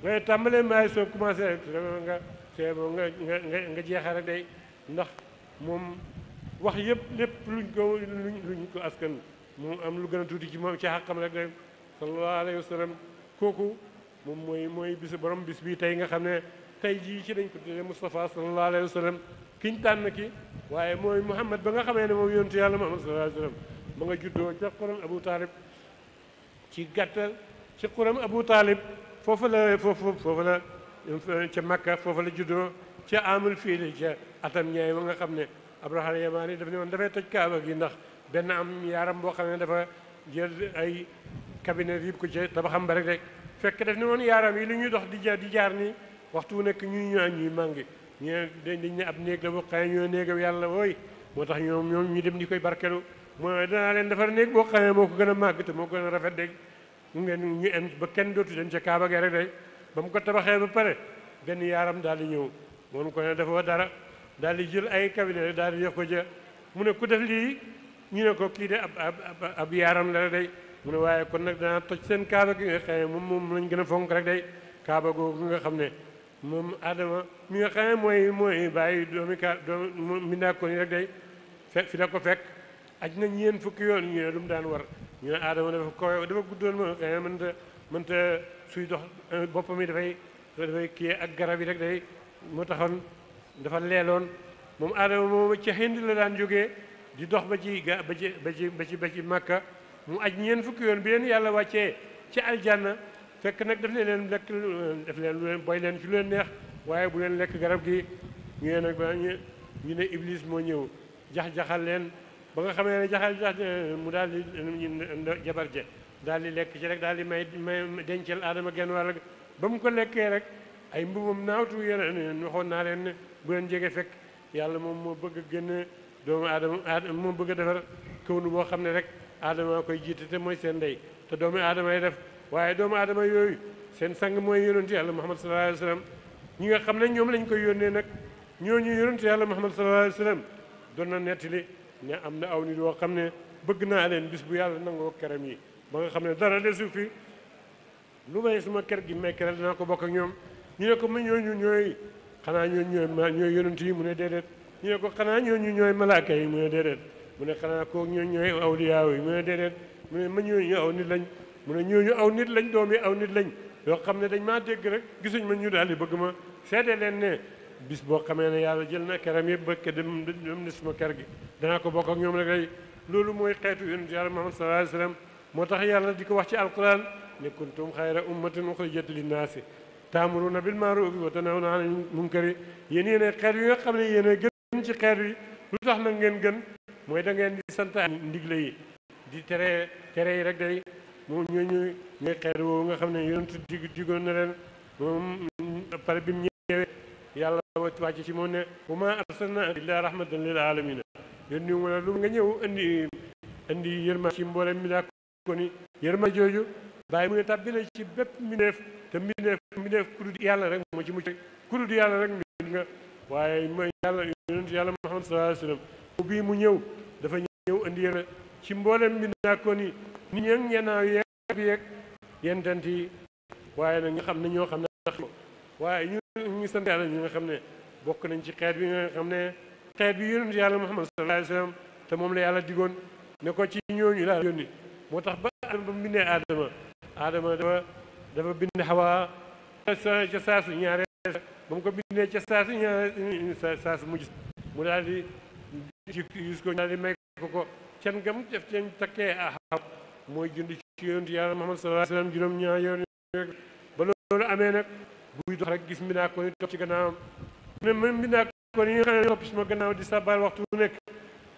alayhi tàmbalee maay soo commencé nga see bo nga ndax moom wax yëpp lépp ko askan mu am lu gën a tuuti ci moom ci xàqam rek kooku moom mooy mooy bisu borom bis bii tey nga xam ne tey jii ci dañ ko tuddee Moustapha sallallahu alayhi wa sallam ki ñu ki waaye mooy Muhammad ba nga xamee ne moom yonentu yàlla Muhammad sallallahu alayhi wa sallam ma nga juddoo ca xuram Abu Taalib ci gàttal ci xuram Abu Taalib foofu la foofu foofu la ca Makka foofu la juddoo ci amul fiili ca atam ñaay ba nga xam ne Abraha Yamaani daf ne woon dafay toj kaaba gi ndax benn am yaaram boo xam ne dafa jël ay cabinet yëpp ko ca tabaxam ba rek rek fekke daf ne woon yaaram yi ni ñuy dox di jaar di jaar nii waxtu wu nekk ñuy ñaan ñuy mànge ñu dañ ne ab néeg la boo xam néegaw yàlla wooy moo tax ñoom ñoom ñu dem di koy barkelu mooy danaa leen defar néeg boo xam moo ko gën a màgg moo ko gën a rafet de ngeen ñu em ba kenn dootu dem ca Kaaba ga rek de ba ko tabaxee ba pare benn yaaram daal di ñëw moom ko ne dafa dara daal di jël ay kabine daal di jox ko ja mu ne ku def lii ñu ne ko kii de ab ab yaaram la rek day mu ne waaye kon nag danaa toj seen Kaaba gi nga moom moom lañ gën a fonk rek day Kaaba googu nga xam ne moom aadama mi nga xam mooy mooy bàyyi doomi ka doom mi naa ko rek day fe fi la ko fekk aj na ñeen fukki yoon ñu ne lu mu daan war ñu ne Adama dafa koy dafa guddoon ma eh, xëy suy dox eh, boppam yi dafay dafay ak garab yi rek day moo taxoon leeloon moom Adama moom ci Hind la daan jóge di dox ba ci ga ba ci ba ci ba ci ba ci Makka mu aj ñeen fukki yoon bi leen yàlla wàccee ci aljanna fekk nag daf leen lekk def leen boy leen ci lu leen neex waaye bu leen lekk garab gi ñu ne nag ba ñu ne iblis moo ñëw jax-jaxal leen ba nga xamee ne jaxal jax mu daal di jabar ja daal di lekk ci rek daal di may may dencal aadama genn wàll ba mu ko lekkee rek ay mbubam naawtu yeneen waxoon naa leen ne bu leen jege fekk yàlla moom moo bëgg gën a doomu aadama moom bëgg a defar kaw nu boo xam ne rek aadama koy jiit te mooy seen ndey te doomu aadama yi def waaye doomu aadama yooyu seen sang mooy yonent yàlla muhammad sallallahu alayhi wa ñi nga xam ne ñoom lañ koy yónnee nag ñoo ñu yàlla muhammad sallallahu alayhi wa doon na nettali ne am na aw nit woo xam ne bëgg naa leen bis bu yàlla nangoo keram yi ba nga xam ne dara desu fi lu may suma ker gi may keral dinaa ko bokk ak ñoom ñu ne ko mu ñooñu ñooy xanaa ñooñu ñooy ma ñooy yonent yi mu ne déedéet ñu ko xanaa ñooñu ñooy malaaka yi mu ne déedéet mu ne xanaa ko ñooñu ñooy awliyaaw yi mu ne déedéet mu ne ma ñooñu aw nit lañ mu ne ñooñu aw nit lañ doom yi aw nit lañ yoo xam ne dañ maa dégg rek gisuñ ma ñu daal di bëgg ma seede leen ne bis boo xamee ne yàlla jël na keram yëpp ba ke dem dem ne suma ker gi danaa ko bokk ak ñoom rek day loolu mooy xeetu yonent yàlla Muhammad sallallahu alayhi wa moo tax yàlla di ko wax ci alquran ne kuntum xayra ummatin uxrijat linnaasi taamuruna bil maarufi wa tanhawna anil munkari yéen yéene xeet yi nga xam ne yéene gën ci xeet yi lu tax na ngeen gën mooy da ngeen di sant ndigle yi di tere tere yi rek day moom ñooñu ñooy xeet woowu nga xam ne yonent dig digoon na leen moom pare bi mu ñëwee yàlla wàcc ci moom ne wa ma arsalna illa rahmatan lil alamina yónni mu la lu nga ñëw indi indi yërma ci mboolem mi daa ko ni yërma jooju bàyyi mu ne tàbbi ci bépp mbindeef te mbindeef mbindeef ku dul yàlla rek moo ci mucc ku dul yàlla rek mooy yàlla yàlla Muhammad sallallahu alayhi wa sallam mu ñëw dafa ñëw ci mboolem mi nit yeeg ngenaaw yeeg yeeg yentant yi waaye nag ñu xam ne ñoo xam ne waaye ñu ñu sant yàlla ñi nga xam ne bokk nañ ci xeet bi nga xam ne xeet bi yonent yàlla Muhammad sallallahu alayhi wa te moom la yàlla digoon ne ko ci ñooñu laa yónni moo tax ba adama ba mu bindee aadama aadama dafa dafa bind xawaa ca saasu ñaare ba mu ko bindee ca saasu ñaare saasu mujj mu daal di ci gis ko daal di may ko ko can gam def ceen takkee a xaw mooy julli ci yonent yàlla Muhammad sallallahu alayhi wasallam juróom ñaar yoon rek ba loolu amee nag buy dox rek gis mbindaa ko ni topp ci gannaawam ne man mbindaa ko ni nga xam ne topp ci ma gannaaw di sabar waxtu nekk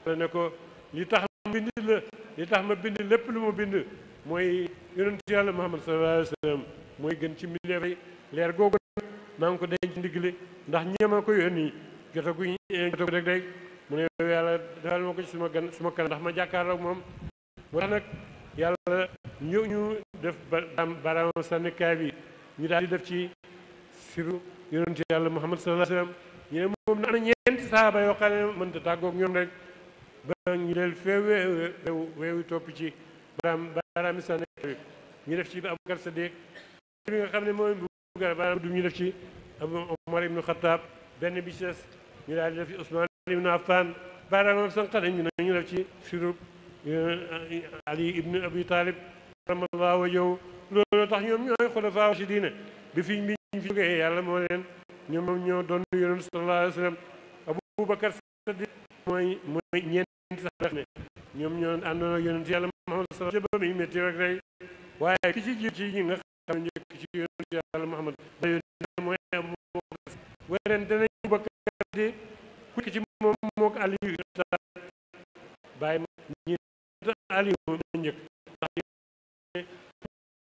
la ne ko li tax ma bind la li tax ma bind lépp lu ma bind mooy yonent yàlla Muhammad sallallahu alayhi wasallam mooy gën ci mbindeef yi leer googu maa ngi ko denc ndigle ndax ñeema ko yónni jotaguñ jotagu rek day mu ne yàlla defal ma ko ci suma gan suma kan ndax ma jàkkaarloo moom moo tax nag yàlla ñëw ñu def baram sànnikaay bi ñu daal di def ci siru yonent yàlla muhammad sallallahu alayhi wa sallam ñu ne moom ñoom rek ba ñu leen feewee weewu topp ci baram baraami sànnikaay bi ñu def ci abubakar sadiq bi nga xam ne mooy bugar baram ñu def ci abu omar ibnu benn bi ñu daal di def ci usmaan ibnu affan baaraamam sànqale ñu ne ñu def ci siru Eh, eh, ali ibnu abi talib ramallahu wajhahu loolu tax ñoom ñooy xulafaa rashidina bi fiñ bi ñu fi jógee yàlla moo leen ñoom ñoo doon yonent sallallahu alayhi wa sallam aboubacar saddiq mooy mooy ñeenti sax ñoo àndoon ak yonent yàlla Muhammad sallallahu wa sallam ba muy waaye ki ci jiit ci ñi nga xam ne njëkk ci yonent yàlla Muhammad mooy aboubacar weneen danañ aboubacar di ku ci moom mook ali bàyyi Aliou moom la njëkk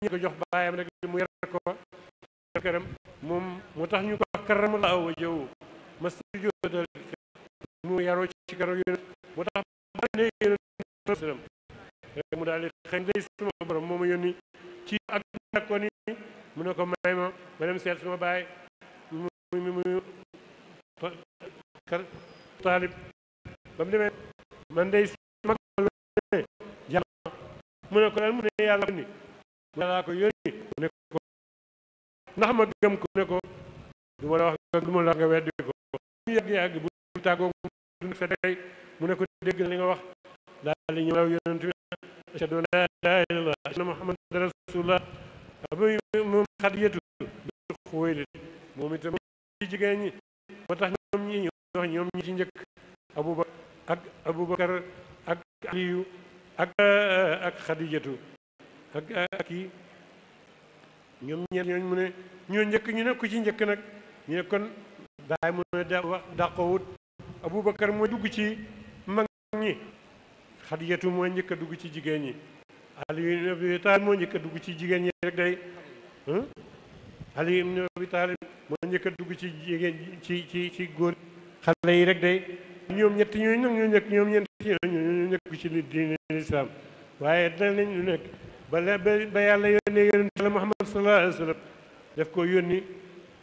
ñu ko jox baayam rek mu yar ko këram moom moo tax ñu ko wax karam la aw jëw master jodal mu yaroo ci karo yéen moo tax ba ne yéen mu daal di xëy day suma borom mooma yónni ci ak ko ni mu ne ko may ma ma dem seet suma baay mu mu taalib ba mu demee man day yàlla ko yónni mu mu ne ko ma gëm ko ne ko du ma la wax du ma la wax nga weddi ko mu yàgg yàgg bu tàggoo dund fa tey mu ne ko dégg na li nga wax daal di ñëw law yonent bi laa ilaaha illallaah ashhadu anna moom itam ci jigéen ñi moo tax ñoom ñi ñoom ñi ci njëkk abubakar ak abubakar ak aliyu ak ak xadijatu ak ak yi ñoom ñeent ñooñ mu ne ñoo njëkk ñu ne ci njëkk nag kon baay mu da wax dàqowut Aboubacar dugg ci mag ñi Xadijatu mooy njëkk dugg ci jigéen ñi Ali ibn Abi moo njëkk dugg ci jigéen ñi rek day Ali ibn Abi Talib moo dugg ci jigéen ci ci ci góor xale yi rek day ñoom ñett ñooñu nag ñoo njëkk ñoom ñeent ñoo ñoo ñëkk ci diine lislaam waaye danañ lu nekk ba la ba yàlla yónnee yonent yàlla Muhammad sallallahu alayhi wa sallam daf ko yónni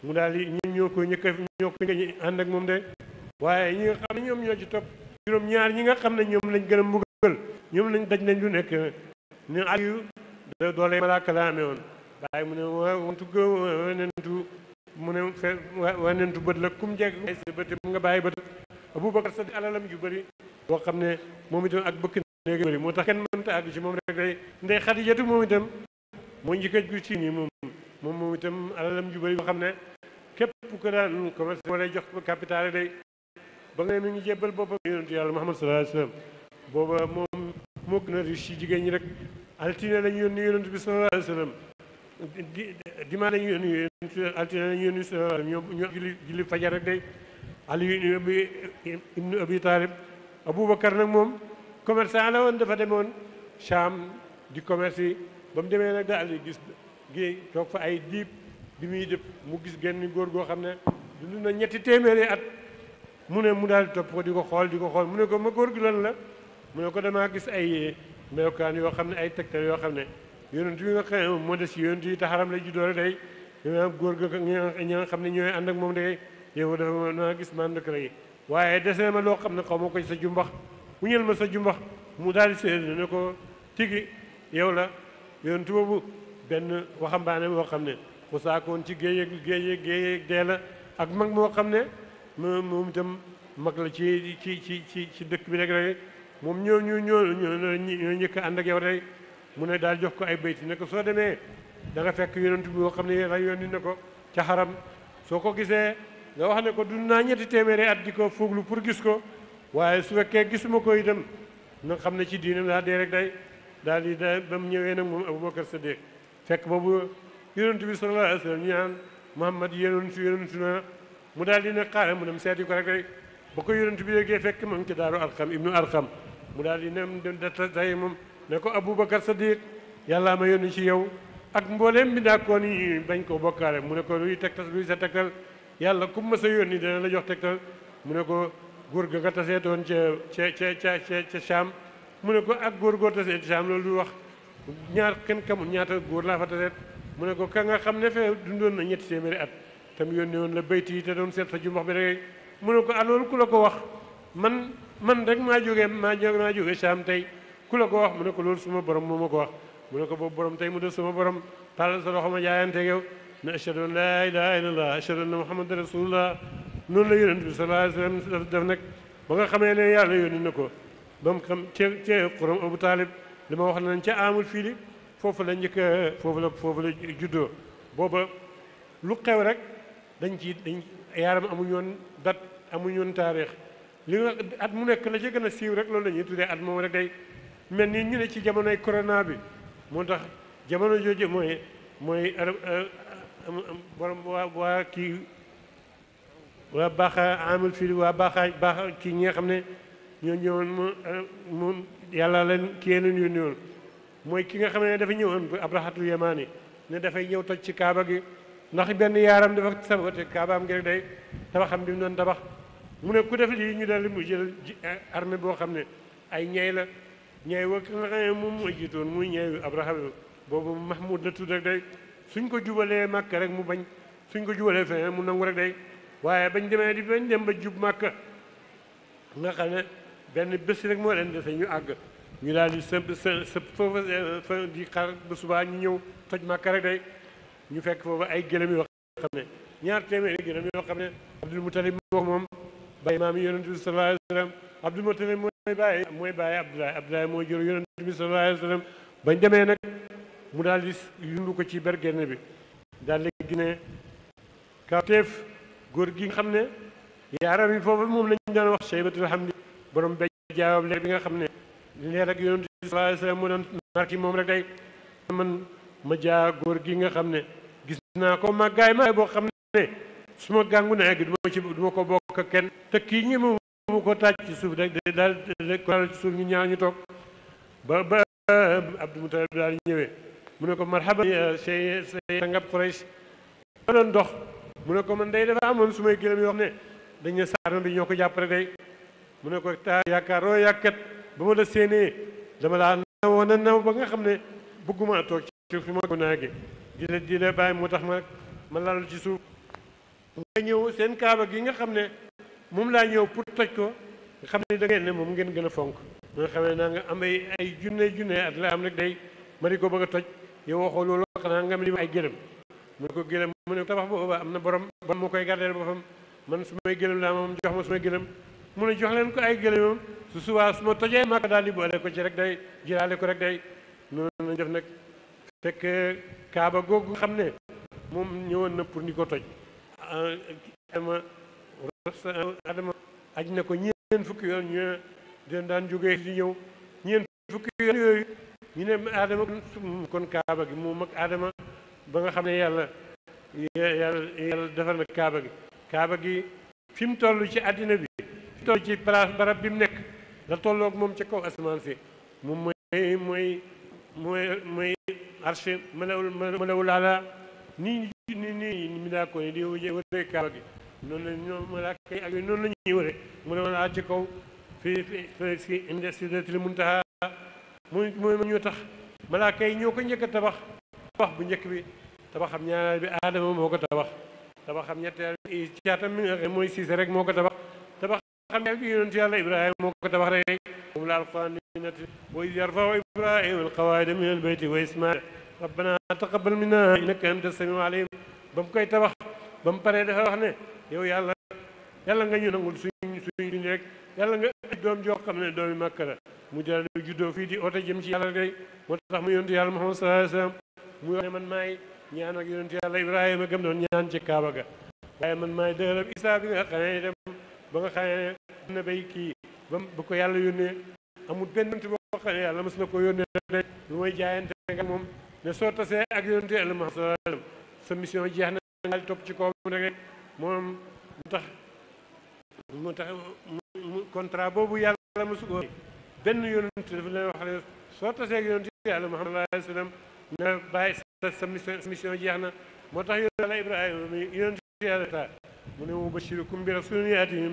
mu daal di ñun ñoo ko ñëkk a ñoo ko ñi ànd ak moom de waaye ñi nga xam ne ñoom ñoo ci topp juróom ñaar ñi nga xam ne ñoom lañ gën a mbugal ñoom lañ daj nañ lu nekk ñu aliyu doole malaaka la amee woon waaye mu ne wantu gë wanentu mu ne fe wanentu bët la kum jeg sa bët mu nga bàyyi bët Abubakar sa alalam ju bari boo xam ne moom itam ak bëkk léegi moo tax kenn mënta àgg ci moom rek day ndey xadijatu moom itam moo njëkkaj gu ci nii moom moom moom itam alalam ju bëri boo xam ne képp ku daan commerce moo lay jox capital yi day ba nga ne mi ngi jébbal boppam yonentu yàlla Muhammad sallallahu alayhi wa sallam booba moom moo gën a riche ci jigéen ñi rek altine lañu yónni yonent bi sallallahu alayhi wa sallam dimanche lañu yónni yonent altine lañu yónni sallallahu alayhi wa sallam ñoo julli julli fajar rek day Ali ibnu Abi Talib Aboubacar nag moom commerçant la woon dafa demoon Cham di commerce yi ba mu demee nag daal di gis géej toog fa ay diib bi muy dëpp mu gis genn góor goo xam ne dund na ñetti téeméeri at mu ne mu daal topp ko di ko xool di ko xool mu ne ko ma góor gi lan la mu ne ko damaa gis ay melokaan yoo xam ne ay tegtal yoo xam ne yonent yi nga xam ne moo des ci yonent yi taxaram lay juddoo day góor ga ñi xam ne ñooy ànd ak moom day yow dafa naa gis man dëkk rek waaye des na ma loo xam ne xaw ma koy sa jumbax mu ñël ma sa jumbax mu daal di séer ne ko tigi yow la yoon boobu benn waxambaane moo xam ne mu saakoon ci géej ak géej ak géej ak dee la ak mag moo xam ne moom itam mag la ci ci ci ci ci dëkk bi rek rek moom ñoo ñu ñoo ñoo njëkk ànd ak yow rek mu ne daal jox ko ay bayti ne ko soo demee da nga fekk yonent bi boo xam ne rey yoon ni ne ko ca xaram soo ko gisee nga wax ne ko dund naa ñetti téeméeri at di ko fuuglu pour gis ko waaye su fekkee gisuma ko itam na xam ne ci diinam daa dee day daal di day ba mu ñëwee nag moom Aboubacar Saddiq fekk boobu yonent bi sallallahu alayhi wa sallam ñu naan Muhammad yonent yonent na mu daal di ne xaaral mu dem seeti ko rek day ba ko yonent bi yeggee fekk mu ngi ci daaru Arqam ibnu Arqam mu daal di ne day moom ne ko Aboubacar Saddiq yàllaa ma yónni ci yow ak mbooleem bi daa koo ni bañ koo bokkaale mu ne ko luy tegtal luy sa tegtal yàlla ku ma sa yónni dana la jox tegtal mu ne ko góor ga nga tasee doon ca ca ca ca ca Saam mu ne ko ak góor goo tasee ca Saam loolu du wax ñaar kenn xamul ñaata góor laa fa taseet mu ne ko ka nga xam ne fee dundoon na ñetti téeméeri at tam yónnee woon la bayt yi te doon seet sa jumbax bi rek mu ne ko ah loolu ku la ko wax man man rek maa jógee maa jóge maa jóge Saam tey ku la ko wax mu ne ko loolu suma borom moo ma ko wax mu ne ko boobu borom tey mu def suma borom tàllal sa loxo ma jaayante yow ne ashhadu an laa ilaaha illallah ashhadu anna muhammadan rasulullah noonu la yonent bi sallallahu alayhi wa sallam def nag nga xamee ne yàlla yónni na ko ba mu xam ci ci xuram Abu Taalib li ma wax nañ ca amul fii li foofu la njëkk foofu la foofu la juddoo booba lu xew rek dañ ci dañ yaaram amuñu woon date amuñu woon taarix li nga at mu nekk la ca na siiw rek loolu la ñuy tuddee at moom rek day mel ni ñu ne ci jamonoy corona bi moo tax jamono jooju mooy mooy euh, euh, borom waa waa kii waa baaxa amul fii waa baaxaaj baaxa kii ñi nga xam ne ñoo ñëwoon mu mu yàlla leen kii leen yónni woon mooy ki nga xam ne dafa ñëwoon bu abrahatul yamaani ne dafay ñëw toj ci kaaba gi ndax benn yaaram dafa sabote kaabaam ngi rek day tabaxam bi mu doon tabax mu ne ku def lii ñu daal mu jël eh, armée boo xam ne ay ñay la ñay wa ki nga xam ne moom moo jiitoon muy ñay abraham boobu mahmoud la tudd rek day suñ ko jubalee màkk rek mu bañ suñ ko jubalee feneen mu nangu rek day waaye bañ demee di bañ dem ba jub màkka nga xam ne benn bés rek moo leen dese ñu àgg ñu daal di sëpp sëpp foofa di xar ba subaa ñu ñëw toj màkka rek day ñu fekk foofu ay gëlëm yoo xam ne ñaar téeméeri gëlëm yoo xam ne Abdul Mutalib wax moom bàyyi maam yi yonent bi sallallahu alayhi wa sallam mooy bàyyi mooy bàyyi Abdoulaye Abdoulaye mooy jur yonent bi sallallahu alayhi wa sallam bañ demee nag mu daal di yundu ko ci bergenne bi daal di génne góor gi nga xam ne yaaram yi foofu moom lañu doon wax Shaybatul Hamdi borom béj jaawab leer bi nga xam ne leer ak yonent bi sallallahu alayhi moom rek tey man ma jaa góor gi nga xam ne gis naa ko màggaay ma boo xam ne su ma gàngu naa gi du ko bokk ak kenn te kii ñi mu mu ko tàcc ci suuf rek daal ko daal ci suuf ñu ñaaw ñu toog ba ba Abdou Moutalib daal ñëwee mu ne ko marhaba say say sangab Quraysh ma doon dox mu ne ko man day dafa amoon su may gëlëm yoo xam ne dañu ne saarma bi ñoo ko jàppale day mu ne ko taa yaakaaroo yàkkat ba ma la séenee dama laa nawoo na naw ba nga xam ne bëgguma toog ci suuf fi ma ko gi di la di la bàyyi moo tax ma ma lalu ci suuf nga ñëw seen kaaba gi nga xam ne moom laa ñëw pour toj ko nga xam ne da ngeen ne moom ngeen gën a fonk ma nga xam ne naa nga am ay ay junne junne at la am rek day ma di ko bëgg a toj yow waxoo loolu xanaa nga am li ay gërëm mu ne ko gëlëm mu ne tabax booba am na borom borom moo koy gardeel boppam man su may gëlëm laa moom jox ma su may gëlëm mu ne jox leen ko ay gëlëmam su subaa su ma tojee maa daal di boole ko ci rek day jiraale ko rek day noonu lañ def nag fekk kaaba googu xam ne moom ñëwoon na pour ni ko toj adama adama aj na ko ñeen fukki yoon ñu daan jógee di ñëw ñeen fukki adama kon kaaba gi moom ak adama ba nga xam ne yàlla yàlla yàlla defar na kaaba gi kaaba gi fi mu toll ci àddina bi fi toll ci place barab bi mu nekk la tolloog moom ci kaw asamaan si moom mooy mooy mooy mooy arché malawul ni nii mi daa ko gi noonu la ñoom la ñuy wëree ci kaw fii fii si inde ñoo tax malaaka yi ñoo ko njëkk tabax bu njëkk bi tabaxam ñaareel bi aadama moo ko tabax tabaxam ñetteel bi caatam mi nga xam mooy siise rek moo ko tabax tabaxam ñaareel bi yonent yàlla ibrahima moo ko tabax rek moom la alquran ni nat wa iz yarfau ibrahima alqawaida min albayti wa ismaila rabbana taqabbal minna innaka anta samiu alim ba mu koy tabax ba mu paree dafa wax ne yow yàlla yàlla nga ñu nangul suñ suñ rek yàlla nga doom joo xam ne doomi màkka la mu jël juddoo fii di oote jëm ci yàlla rek moo tax mu yonent yàlla muhammad sallallahu alayhi wasallam mu wax ne man maay ñaan ak yonent yàlla Ibrahima gëm noon ñaan ci Kaaba ga waaye man maay dëgëral Isa bi nga xam ne itam ba nga xam ne na bay kii ba bu ko yàlla yónnee amul benn yonent boo xam ne yàlla mos na ko yónnee rek lu ne soo tasee ak yonent yàlla Muhammad sallallahu na nga ci kawam rek moom mu tax mu tax mu boobu yàlla mosu ko benn yonent dafa lay wax ne soo tasee ak na bàyyi sa sa mission mission jeex na moo tax yonent yàlla Ibrahima mi yonent yàlla ta mu ne mu bashirukum bi rasulin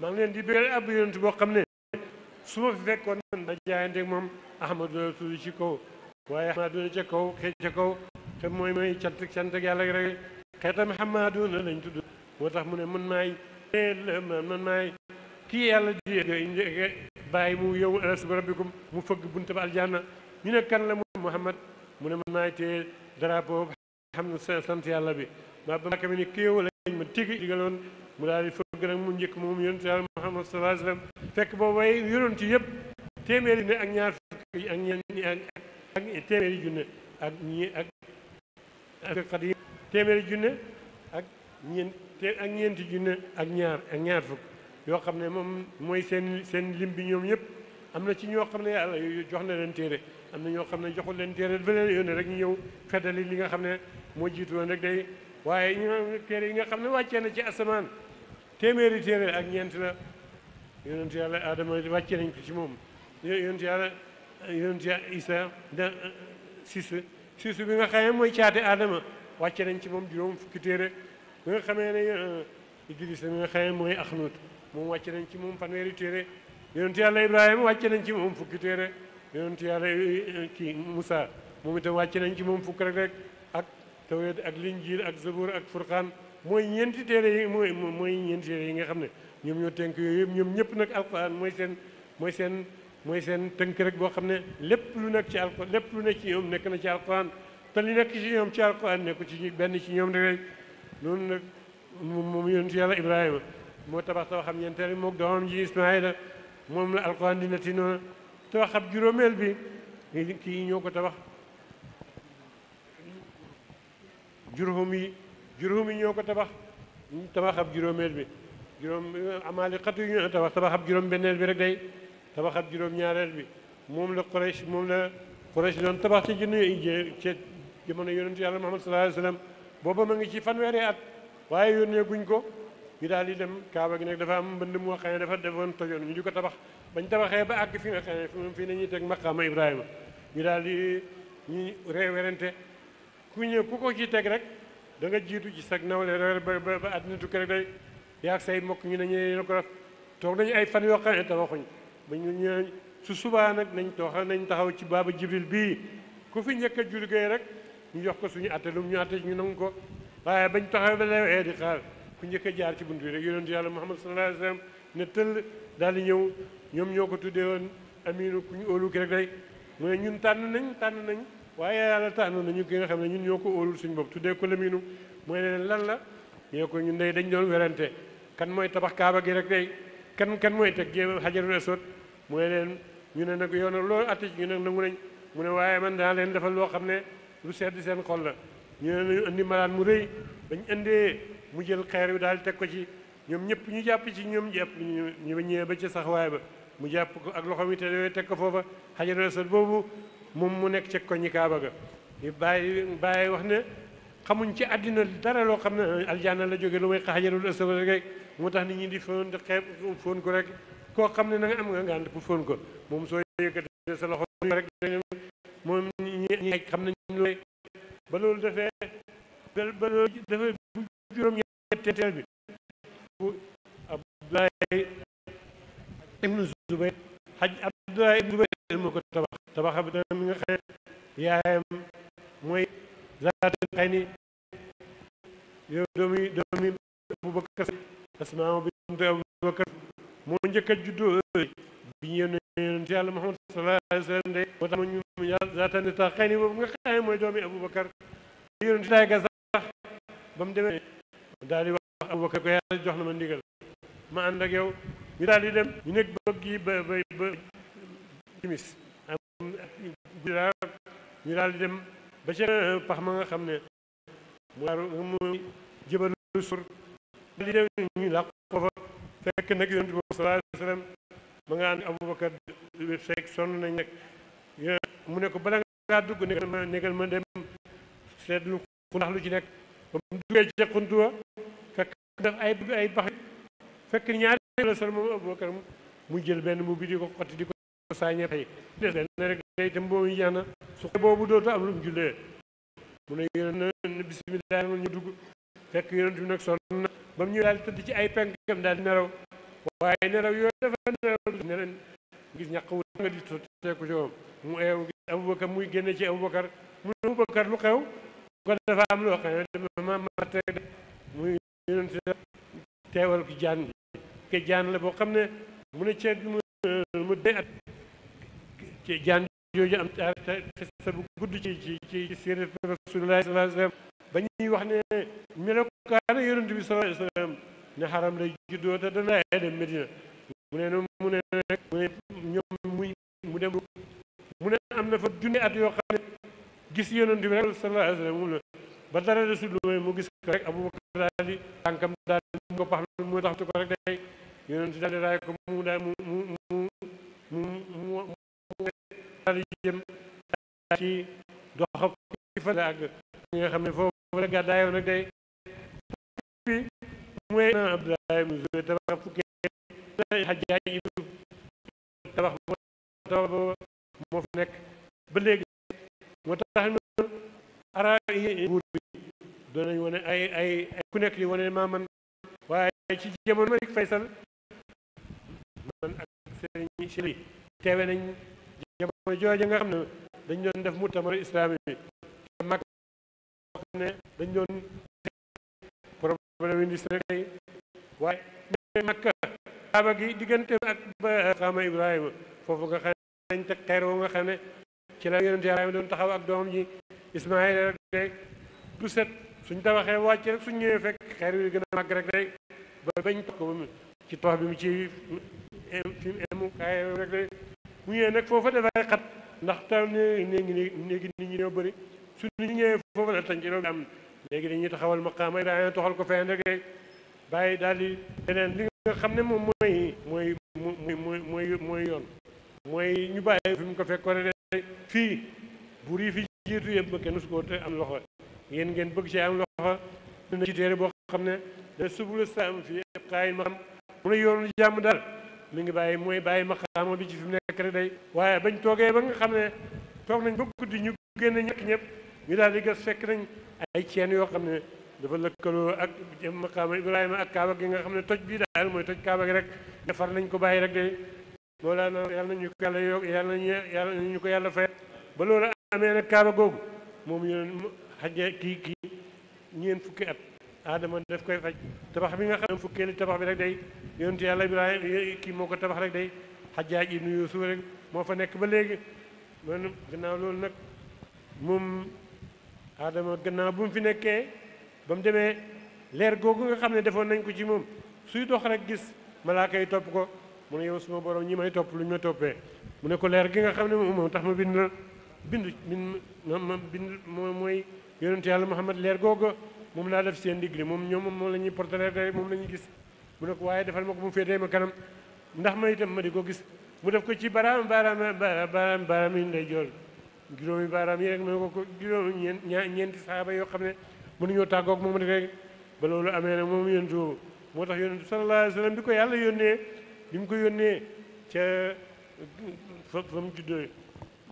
leen di bégal ab yonent boo xam ne su ma fi fekkoon man da jaayante moom ahmadu la waaye ahmaduna ca kaw kaw te mooy mooy cant cant ak yàlla rek xeetam ahmaduna lañ tudd moo tax mu ne man maay man maay kii yàlla di indi bàyyi mu yow alastu rabbikum mu fëgg bunta ba aljanna ñu ne kan la mu Muhammad mu ne man maay téye drapeau bi xam na sant yàlla bi maa ba maaka mi ne kéew lañ ma tigi digaloon mu daal di fëgg nag mu njëkk moom yonent yàlla Muhammad sallallahu alayhi wasallam fekk boobu way yonent yëpp téeméeri ne ak ñaar ak ñeen ñi ak ak téeméeri junne ak ñi ak xadim téeméeri junne ak ñeen ak ñeenti junne ak ñaar ak ñaar fukk yoo xam ne moom mooy seen seen lim bi ñoom ñëpp am na ci ñoo xam ne yàlla jox na leen téere am na ñoo xam ne joxul leen téere ba leen yónnee rek ñu ñëw feddali li nga xam ne moo jiitu woon rek day waaye ñu téere yi nga xam ne wàccee na ci asamaan téeméeri téere ak ñeent la yonent yàlla Adama wàccee nañ ko ci moom yonent yàlla yonent yàlla Isa da bi nga xamee mooy caate Adama wàcce nañ ci moom juróom fukki téere bi nga xamee ne uh, Idrissa bi nga xamee mooy Axnut moom wàcce nañ ci moom fanweeri téere yonent yàlla Ibrahima wàcce nañ ci moom fukki téere yonentu yàlla kii Moussa moom itam wàcc nañ ci moom fukk rek rek ak tawet ak linjiil ak zabur ak furqaan mooy ñeenti téere yi mooy mooy ñeenti téere yi nga xam ne ñoom ñoo tënk yooyu yëpp ñoom ñëpp nag alquran mooy seen mooy mooy seen tënk rek boo xam ne lépp lu nekk ci alquran lépp lu nekk ci ñoom nekk na ci alquran te li nekk ci ñoom ci alquran nekku ci benn ci ñoom rek loolu nag moom yonentu yàlla Ibrahima moo tabax taw xam ñeenteel mook doomam ji Ismaayla moom la alquran di netti noonu tabax ab juróomeel bi kii ñoo ko tabax jurhum yi juróom yi ñoo ko tabax tabax ab juróomeel bi juróom amaali xatu yi ñoo tabax tabax ab juróom bi rek day tabax ab juróom ñaareel bi moom la Quraysh moom la Quraysh doon tabax ci jënn ci jamono yonentu yàlla Muhammad sallallahu alayhi wa sallam booba ma ngi ci fanweeri waaye yónnee guñ ko ñu daal di dem kaaba gi nag dafa am mbënd moo xam ne dafa defoon tojoon ñu di ko tabax bañ tabaxee ba àgg fi nga xam ne fii nañuy teg maqaama Ibrahima ñu daal di ñu rewerante ku ñëw ku ko ci teg rek danga jiitu ci sag nawle rewer ba ba àddina day yaag say mbokk ñu dañuy na toog nañu ay fan yoo xam ne ñu ñëw su subaa nag nañ tooxal nañ taxaw ci baaba jibril bii ku fi njëkk a rek ñu ko suñu atte lu ñu atte ñu nangu ko waaye bañ taxaw ba lewee di xaar ku njëkk a jaar ci bunt bi rek yonentu yàlla muhammad sallallahu alayhi wa sallam ne tëll daal di ñëw ñoom ñoo ko tuddee woon aminu ku ñu óolu ki rek day mu ne ñun tànn nañ tànn nañ waaye yàlla tànn nañu ki nga xam ne ñun ñoo ko óolul suñu bopp tuddee ko laminu mooy ne lan la ñoo ko ñun day dañ doon werante kan mooy tabax kaaba gi rek day kan kan mooy teg jéem xajarul aswad mooy leen ñu ne nag yow nag loolu atti ñu ne nangu nañ mu ne waaye man daa leen defal loo xam ne lu sedd seen xol la ñu ne nañu indi malaan mu rëy dañ indee mu jël xeer wi daal teg ko ci ñoom ñëpp ñu jàpp ci ñoom jàpp ñu ñëwee ba ci sax waaye ba mu jàpp ko ak loxo mi te yooyu teg ko foofa xajarul aswad boobu moom mu nekk ci koñi kaaba ga li bàyyi bàyyi wax ne xamuñ ci àddina dara loo xam ne aljanna la jóge lu may xajarul aswad rek moo tax nit ñi di foon di xeeb foon ko rek koo xam ne na nga am nga ngànd pour ko moom soo yëkkatee sa loxo rek moom ñi xam nañ looy ba loolu dafee ba dafay juróom-ñetteel bi bu Abdoulaye ibnu Zubayr xaj Abdoulaye ibnu Zubayr moo ko tabax tabaxa bi tam mi nga xam ne yaayam mooy zaata xay ni yow doomi doomi Abubakar Asmaa bint Abubakar moo njëkk a juddoo bi ñu yónnee yonent Yàlla Muhammad sallallahu alayhi wa sallam de moo tax ñu zaata ne tax xay ni boobu nga xam ne mooy doomi Abubakar yonent sax ba mu demee daal di wax Aboubacar ko yàlla jox na ma ndigal ma ànd ak yow ñu daal di dem ñu nekk bëgg yi ba ba timis ñu daal di dem ba ca pax ma nga xam ne mu jëbalu sur di dem ñu làq ko fa fekk nag yonent bi sallallahu ma nga ànd Aboubacar fekk sonn nañ nag mu ne ko bala ngaa dugg négal ma dem seetlu ku ndax lu ci nekk ba mu duggee ca fekk def ay ay bax fekk la sol moom Abubakar mu jël benn mu bi di ko xotti di ko saañe tey des benn rek day tam boobu jeex na su boobu dootu am lu mu jullee mu ne yéen na bisimilah ñu dugg fekk yonent bi nag sonn na ba mu ñu daal tëdd ci ay penkam daal nelaw waaye nelaw yooyu dafa nelaw gis ñaq wu nga di sotteeku ci mu eew eh, Abubakar muy génne ci Abubakar mu ne Abubakar lu xew ko dafa am loo xam ne ma mata muy bi ke jaan la boo xam ne mu ne ceeb mu mu dee at ci jaan jooju am sa gudd ci ci ci sirat rasulullah sallallahu alayhi wasallam ba ñuy wax ne melokaana yonent bi sallallahu alayhi wasallam ne xaram lay juddoo te dana dem Medina mu ne mu mu ne ñoom muy mu ne am na fa junne at yoo xam ne gis yonent bi rek sallallahu alayhi wa sallam moom la ba dara desul lu may mu gis ko rek abubakar daal di tànkam daal di ko pax lu mu taxtu ko rek day yonent daal di raay ko mu daal mu mu mu mu mu mu daal di jëm ci doxam ci fa ak ñi nga xam ne foofu la gàddaay woon rek day bi mooy na abdoulaye mu zoe tabax fukki xajaay ibnu tabax moo tabax booba moo fi nekk ba léegi moo tax na ara buur bi doon nañ wane ay ay ay ku nekk di wane waaye ci jamono Malik Faysal teewe nañ jamono jooja nga xam ne dañ doon def mutamar islami bi te mag ne dañ doon Kaaba gi diggante ak xaama Ibrahima foofu nga xam ne dañ teg xeer nga xam ne ci la yonent Ibrahima doon taxaw ak doom ji Ismaayil rek de du set suñ tawaxee wàcc rek suñ ñëwee fekk xeer wi gën a màgg rek de ci toox bi mu ci mu emu kaay rek de mu ñëwee nag foofa dafay xat ndax tam ne néegi néegi nit ñi ñoo bëri suñ ñu ñëwee foofa la tañ ci loolu am léegi dañuy taxawal maqaama Ibrahima toxal ko fenn rek de bàyyi daal di leneen li nga xam ne moom mooy mooy mooy mooy mooy yoon mooy ñu bàyyi fi mu ko fekkoon fii buur yi fi jiitu yëpp ba kenn su ko te am loxo yéen ngeen bëgg ci am loxo dina ci téere boo xam ne da subula sam fii xaayin ma xam mu ne yoonu jàmm daal mu ngi bàyyi mooy bàyyi ma xaama bi ci fi mu nekk rek day waaye bañ toogee ba nga xam ne toog nañ ba guddi ñu génn ñekk ñëpp ñu daal di gas fekk nañ ay ceen yoo xam ne dafa lëkkaloo ak maqaama Ibrahima ak kaaba gi nga xam ne toj bii daal mooy toj kaaba gi rek defar nañ ko bàyyi rek day Mawlana yàlla nañu ko yàlla yokk yàlla nañu yàlla nañu ko yàlla fay ba loolu amee nag kaaba googu moom yoon xajja kii kii ñeent fukki at aadama def koy faj tabax bi nga xam ne fukkee li tabax bi rek day yonent yàlla Ibrahima kii moo ko tabax rek day xajjaaj ibnu Yuusuf rek moo fa nekk ba léegi man loolu nag moom aadama gannaaw bu mu fi nekkee ba demee leer googu xam ne defoon nañ ko ci moom suy dox rek gis malaaka yi topp ko mu ne yow suma borom ñi may topp lu ñu ma toppee mu ne ko leer gi nga xam ne moom tax ma bind la bind bind ma bind mooy yonent yàlla Muhammad leer googa moom laa def seen digli moom ñoom moom la ñuy porté leer day moom la ñuy gis mu ne ko waaye defal ma ko mu féetee ma kanam ndax ma itam ma di ko gis mu def ko ci baaraam baaraam baaraam baaraam yi ndey jool juróomi baaraam yi rek mu ne ko ko juróomi ñeent ñeenti saaba yoo xam ne mënuñoo tàggoog moom rek ba loolu amee nag moom yonentu moo tax yonentu sallallahu alayhi wa bi ko yàlla yónnee bi mu ko yónnee ca fa fa mu juddoo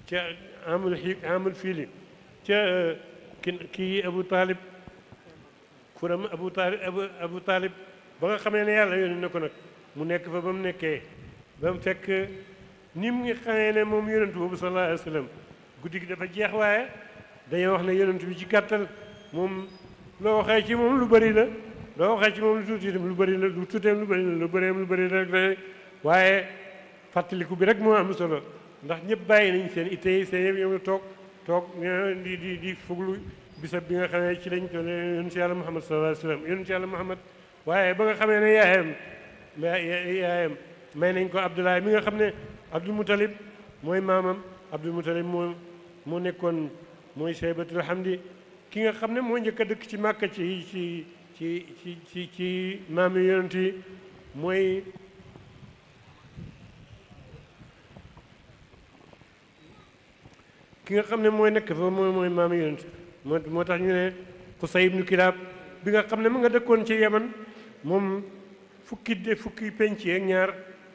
ca amul xii amul fiili ca ki kii Abu Taalib kuram Abu Taalib Abu Taalib ba nga xamee ne yàlla yónni na ko nag mu nekk fa ba mu nekkee ba mu fekk ni mu ngi xamee ne moom yonentu boobu sallallahu alayhi guddi gi dafa jeex waaye dañoo wax ne yonent bi ci gàttal moom loo waxee ci moom lu bari la loo waxee ci moom lu tuuti itam lu bëri la lu tuuteem lu bëri la lu bëreem lu bëri rek la waaye fàttaliku bi rek moo am solo ndax ñëpp bàyyi nañ seen itte yi seen yëpp ñoom toog toog di di di fuglu bisab bi nga xamee ci lañ toll yonent yàlla Muhammad sallallahu alayhi wa sallam yonent yàlla Muhammad waaye ba nga xamee ne yaayam yaayam may nañ ko Abdoulaye mi nga xam ne Abdul Mutalib mooy maamam Abdul Mutalib moo moo nekkoon mooy Saybatul Hamdi ki nga xam ne moo njëkk a dëkk ci Màkka ci ci ci ci ci ci maam yi mooy ki nga xam ne mooy nekk fa mooy mooy maam yonent moo moo tax ñu ne Qusay ibnu Kilaab bi nga xam ne mu nga dëkkoon ci Yemen moom fukki de fukki penc ak ñaar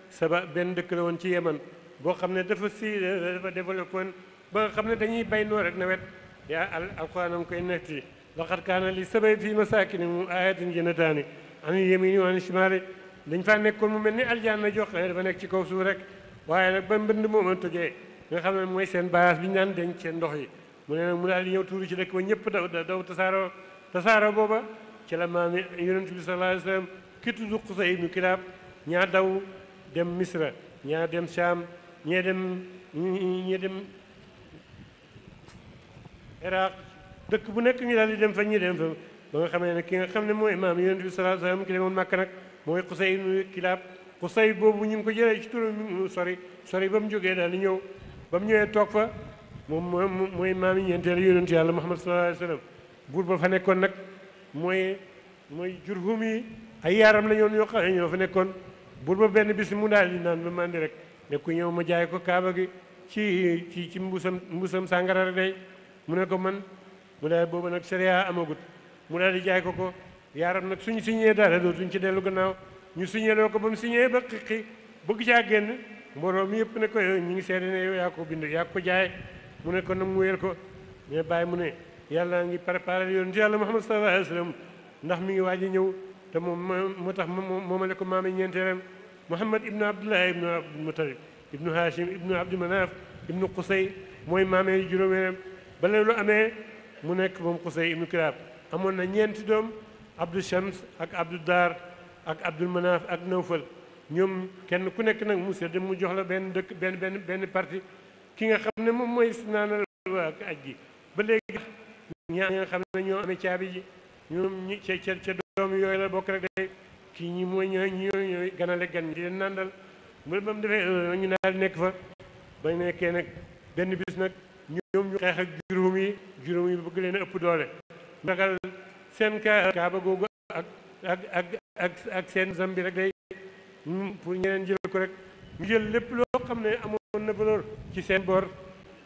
saba benn dëkk la woon ci Yemen boo xam ne dafa si dafa développé woon ba xam ne dañuy bay noor rek nawet yaa al alquran a ngi koy nekk laqad kaana li sabay fii masaakinihim ayatin jannataani an yamini wa an shimaali dañ faa nekkoon mu mel ni aljanna joo xam ne dafa nekk ci kaw suuf rek waaye nag ba mbënd mooma tojee nga xam ne mooy seen baas bi ñu daan denc seen ndox yi mu ne nag mu daal di ñëw tuuru ci dëkk ba ñëpp daw daw tasaaroo tasaaroo booba ci la maam yonent bi sallallahu alayhi wa sallam ki tudd Qusay ibnu Kilaab ñaa daw dem Misra ñaa dem Saam ñee dem ñee dem Iraq dëkk bu nekk ñu daal di dem fa ñu dem fa ba nga ne ki nga xam ne mooy imaam yonent bi sallallahu alayhi wasallam ki demoon Màkka nag mooy Xusay ibnu Kilaab Xusay boobu ñu ngi ko jëlee ci turam sori sori ba mu jógee daal di ñëw ba mu ñëwee toog fa moom mooy maam yi ñeenteelu yonent yàlla Muhammad sallallahu alayhi wasallam buur ba fa nekkoon nag mooy mooy Jurhum yi ay yaaram la ñoon yoo xam fa nekkoon buur ba benn bis mu daal di naan ba rek ne ñëw ma jaay ko kaaba gi ci ci ci mbusam mbusam sàngara rek day mu ne ko man mu daal boobu nag séréa amagut mu daal di jaay ko ko yaaram nag suñu signé dara dootuñ ci dellu gannaaw ñu signé loo ko ba mu signé ba xiqi bëgg caa génn mbooloo mi yëpp ne ko eh, ñu ngi seede ne yow yaa ko jaay mu ne ko mu wéyal ko mais bàyyi mu ne yàlla ngi préparé yoon ci yàlla Muhammad sallallahu alayhi wa sallam ndax mi ngi waaj a ñëw te moom moo tax ma moomale ko maame ñeenteelam Muhammad ibnu Abdullah ibnu Abdul Mutalib ibnu Hashim ibnu Abdi Manaf ibnu Qusay mooy maame juróomeelam ba mu nekk moom Xusay ibnu Kilaab amoon na ñeenti doom Abdou Shams ak Abdou Dar ak Abdul Manaf ak Nawfal ñoom kenn ku nekk nag mu sedd mu jox la benn dëkk benn benn benn parti ki nga xam ne moom mooy naanal ak gi ba léegi ñaar ñi nga xam ne ñoo amee caabi ji ñoom ñi ca ca yooyu la bokk rek day kii ñi mooy ñoo ñooy ganale gan ñi di leen nandal mu ba mu defee ñu naa nekk fa ba nekkee nag benn bis nag ñoom ñu xeex ak juróom yi juróom yi bëgg leen ëpp doole ragal seen ka kaaba googu ak ak ak ak ak seen zambi rek day pour ñeneen jël ko rek ñu jël lépp loo xam ne amoon na valeur ci seen boor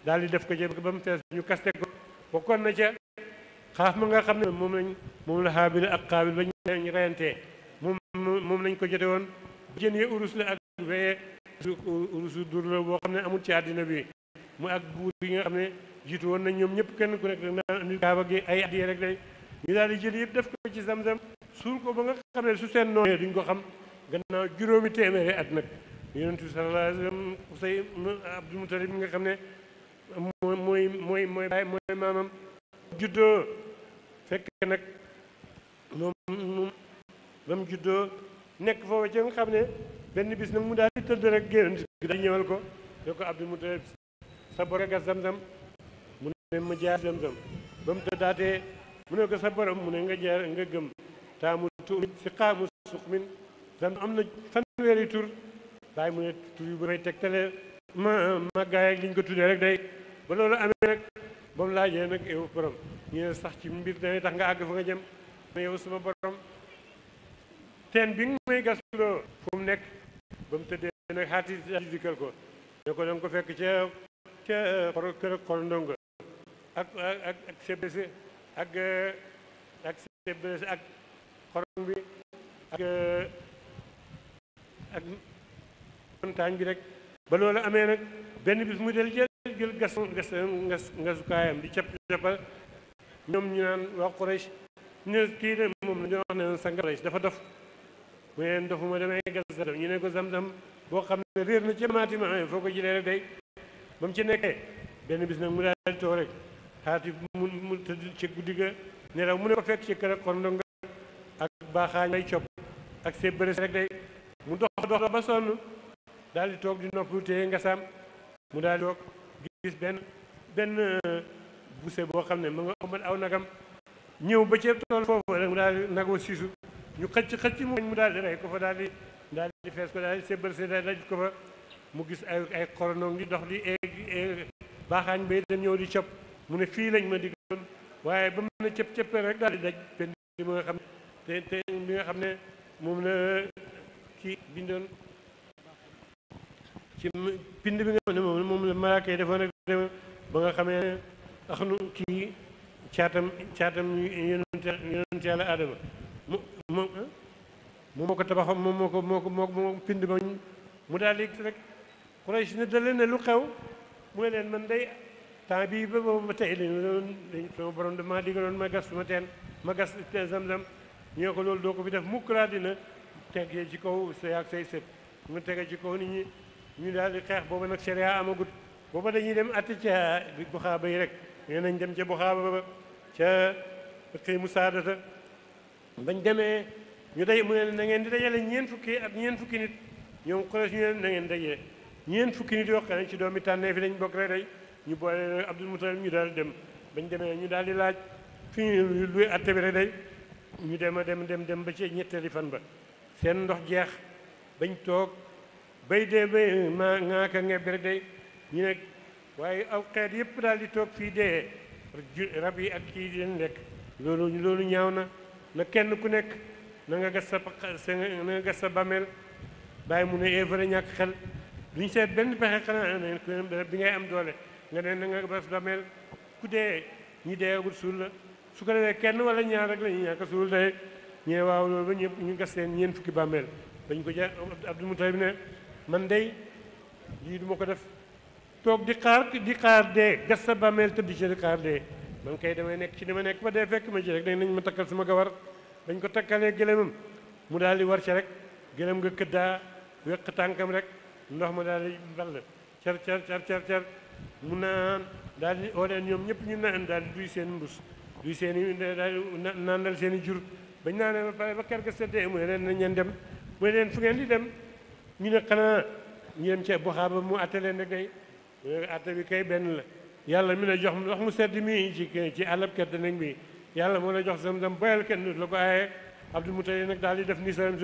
daal di def ko jël ba mu fees ñu kaste ko bokkoon na ca ma nga xam ne moom lañ moom la xaabil ak xaabil ba ñu reyantee moom moom lañ ko jote woon jën yee urus la ak weye urusu xam ne amul ci àddina bi mu ak buur yi nga xam ne jiitu woon nañ ñoom ñëpp kenn ku nekk rek naan andi kaaba gi ay addiye rek day ñu daal di jël yëpp def ko ci zam-zam suul ko ba nga xam ne su seen noonu duñ ko xam gannaaw juróomi téeméeri at nag yonent bi sallallahu alayhi wa sallam Usay Abdul nga xam ne moo mooy mooy mooy baay mooy maamam juddoo fekk nag moom moom ba juddoo nekk foofu ca nga xam ne benn bis nag mu daal di tëdd rek génn daal ñëwal ko ne ko Abdul Mutalib sa boroom gas zam-zam mu ne ma jaar zam-zam ba mu tëddaatee mu ne ko sa borom mu ne nga jaar nga gëm taamu tuumi si xaamu suux min zam am na fanweeri tur bàyyi mu ne tur yu bëri tegtale ma màggaay ak liñ ko tuddee rek day ba loolu amee nag ba mu laajee nag yow borom ñu sax ci mbir dana tax nga àgg fa nga jëm ne yow suma borom teen bi nga may gasuloo fu mu nekk ba mu tëddee nag xaati dikkal ko ne ko da nga ko fekk ca ca kër kol ndongo ak ak ak CBC ak ak CBC ak xorom bi ak ak bi rek ba loolu amee nag benn bis mu del jël jël gas gas gas gasukaayam di cap capal ñoom ñu naan wax Quraysh ñu ne kii de moom la ñu wax ne sa Quraysh dafa dof mu leen dofuma damay gas ñu ne ko zam-zam boo xam ne réer na ci maati ma foo ko jëlee rek day ba mu ci nekkee benn bis nag mu daal di toog rek xaati mu mu tëdd ci guddi ga nelaw mu ne ko fekk ci kër kon ndonga ak baaxaañ bay copp ak see bërës day mu dox dox ba sonn dal di toog di noppi te nga saam mu daal di toog gis benn benn euh, boo xam ne mu nga ëmbat aw nagam ñëw ba ceeb tool foofu rek mu daal di nagoo siisu ñu xëcc xëcc mu mu daal di rey ko fa daal di daal di fees ko daal di see bërës daal di ko fa mu gis ay ay xoronoom di dox di eeg baaxaañ bay dem ñëw di cëpp mu ne fii lañ ma diggoon waaye ba mu ne cëpp cëppee rek daal di daj benn li nga xam te nga xam ne moom la kii bindoon ci bind bi nga xam ne moom la malaaka yi defoon rek ba nga xamee ax nu kii caatam caatam yonent yonent yàlla aadama mu mu moo ko tabaxam moom moo ko moo ko moo ko pind mu daal di rek Quraysh na da na lu xew mu ne leen man day temps bii ba boobu ba tey lañu doon dañ sama borom dama digaloon ma gas suma teen ma gas zam-zam ñoo ko loolu doo ko fi def mukk laa dina tegee ci kaw say ak say sët mu teg ci kaw nit ñi ñu daal di xeex booba nag sharia amagut booba dañuy dem atti ca buxaaba yi rek nee nañ dem ca buxaaba ba ca xii mu ñu day mu ne na ngeen di dajale ñeent fukki ak fukki nit ñoom Quraysh ñu ne na ngeen ñeent fukki nit yoo xam ne ci doomi tànnee fi dañ bokk rek day ñu boole Abdul Mutalib ñu daal dem bañ demee ñu daal di laaj fi ñu luy atte bi rek day ñu dem a dem dem dem ba ci ñetteeli fan ba seen ndox jeex bañ toog bay dee bay ma ŋaaka ngebbi rek aw xeet yëpp daal di toog fii rab yi ak kii leen lekk loolu na na kenn ku nekk na nga gas sa na nga gas sa bàmmeel bàyyi mu ne évra eh, ñàkk xel duñ seet benn pexe xanaa na bi ngay am doole nga ne na nga bas bameel ku dee ñi deeagul suul la su ko defee kenn wala ñaar rek la ñuy ñàkk suul day ñee waaw loolu ba ñu gas seen ñeent fukki bàmmeel dañ ko ja Abdul Mutalib ne man dey lii du ma ko def toog di xaar di xaar dee gas sa bàmmeel tëdd ci di xaar dee man kay damay nekk ci dama nekk ba dee fekk ma ci rek dañ nañ ma takkal sama gawar dañ ko takkalee gëlëmam mu daal di war ci rek gëlëm nga këddaa weq tànkam rek ndox ma daal di ball cer cer car cer cer mu naan daal di oo leen ñoom ñëpp ñu naan daal di duy seen mbus duy seen i daal di naandal seen i jur bañ naanee ba pare ba nañ leen dem mu fu ngeen di dem ñu ne xanaa ñu dem ca buxaaba mu atte leen ne kay eh, atte benn la yàlla mi la jox ndox mu sedd mi ci ci àllab ker da nañ bi yàlla moo ne jox zam-zam boyal kenn la ko aaye Abdul Mutalib nag daal di def ni sam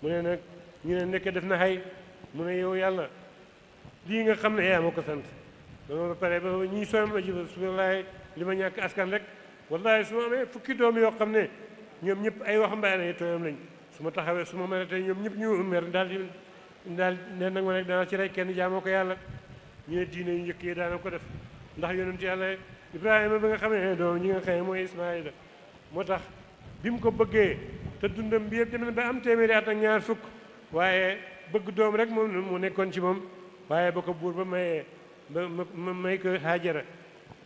mu ne nag ñu ne nekk def na xay mu ne yow yàlla lii nga xam ne yaa ma ko sant dama ba pare ba ñuy soom la jibal su laay li ma ñàkk askan rek wallahi su ma amee fukki doom yoo xam ne ñoom ñëpp ay waxambaane yi tooyam lañ su ma taxawee su ma mën a tey ñoom ñëpp ñu mer daal di daal ne nag ma nekk danaa ci rey kenn jaamoo ko yàlla ñu ne diine yu njëkk yi daana ko def ndax yonent yàlla ibrahima bi nga xamee doom ñi nga mooy ismaila moo tax bi mu ko bëggee te dundam bi yëpp dem na at ak ñaar fukk waaye bëgg doom rek moom moo nekkoon ci moom waaye ba ko buur ba mayee ba ma may ko haajara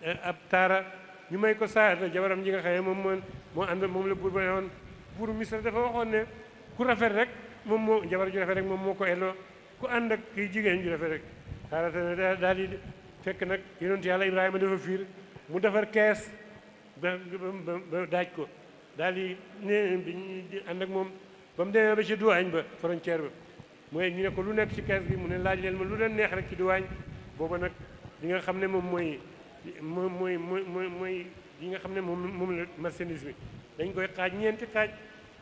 eh, ab taara ñu may ko saarata jabaram ji nga xamee moom moo moo ànd moom la buur ba yoon buuru misra dafa waxoon ne ku rafet rek moom moo jabar ju rafet rek moom moo ko elloo ku ànd ak kii jigéen ju rafet rek saarata ne daal di fekk nag yonentu yàlla ibrahima dafa fiir mu defar kees ba daaj ko daal di ne bi ànd ak moom ba mu demee ba ci duwaañ ba frontière ba mooy ñu ne ko lu nekk ci kees gi mu ne laaj leen ma lu leen neex rek ci duwaañ booba nag li nga xam ne moom mooy moom mooy mooy mooy yi nga xam ne moom moom la marchandise bi dañ koy xaaj ñeenti xaaj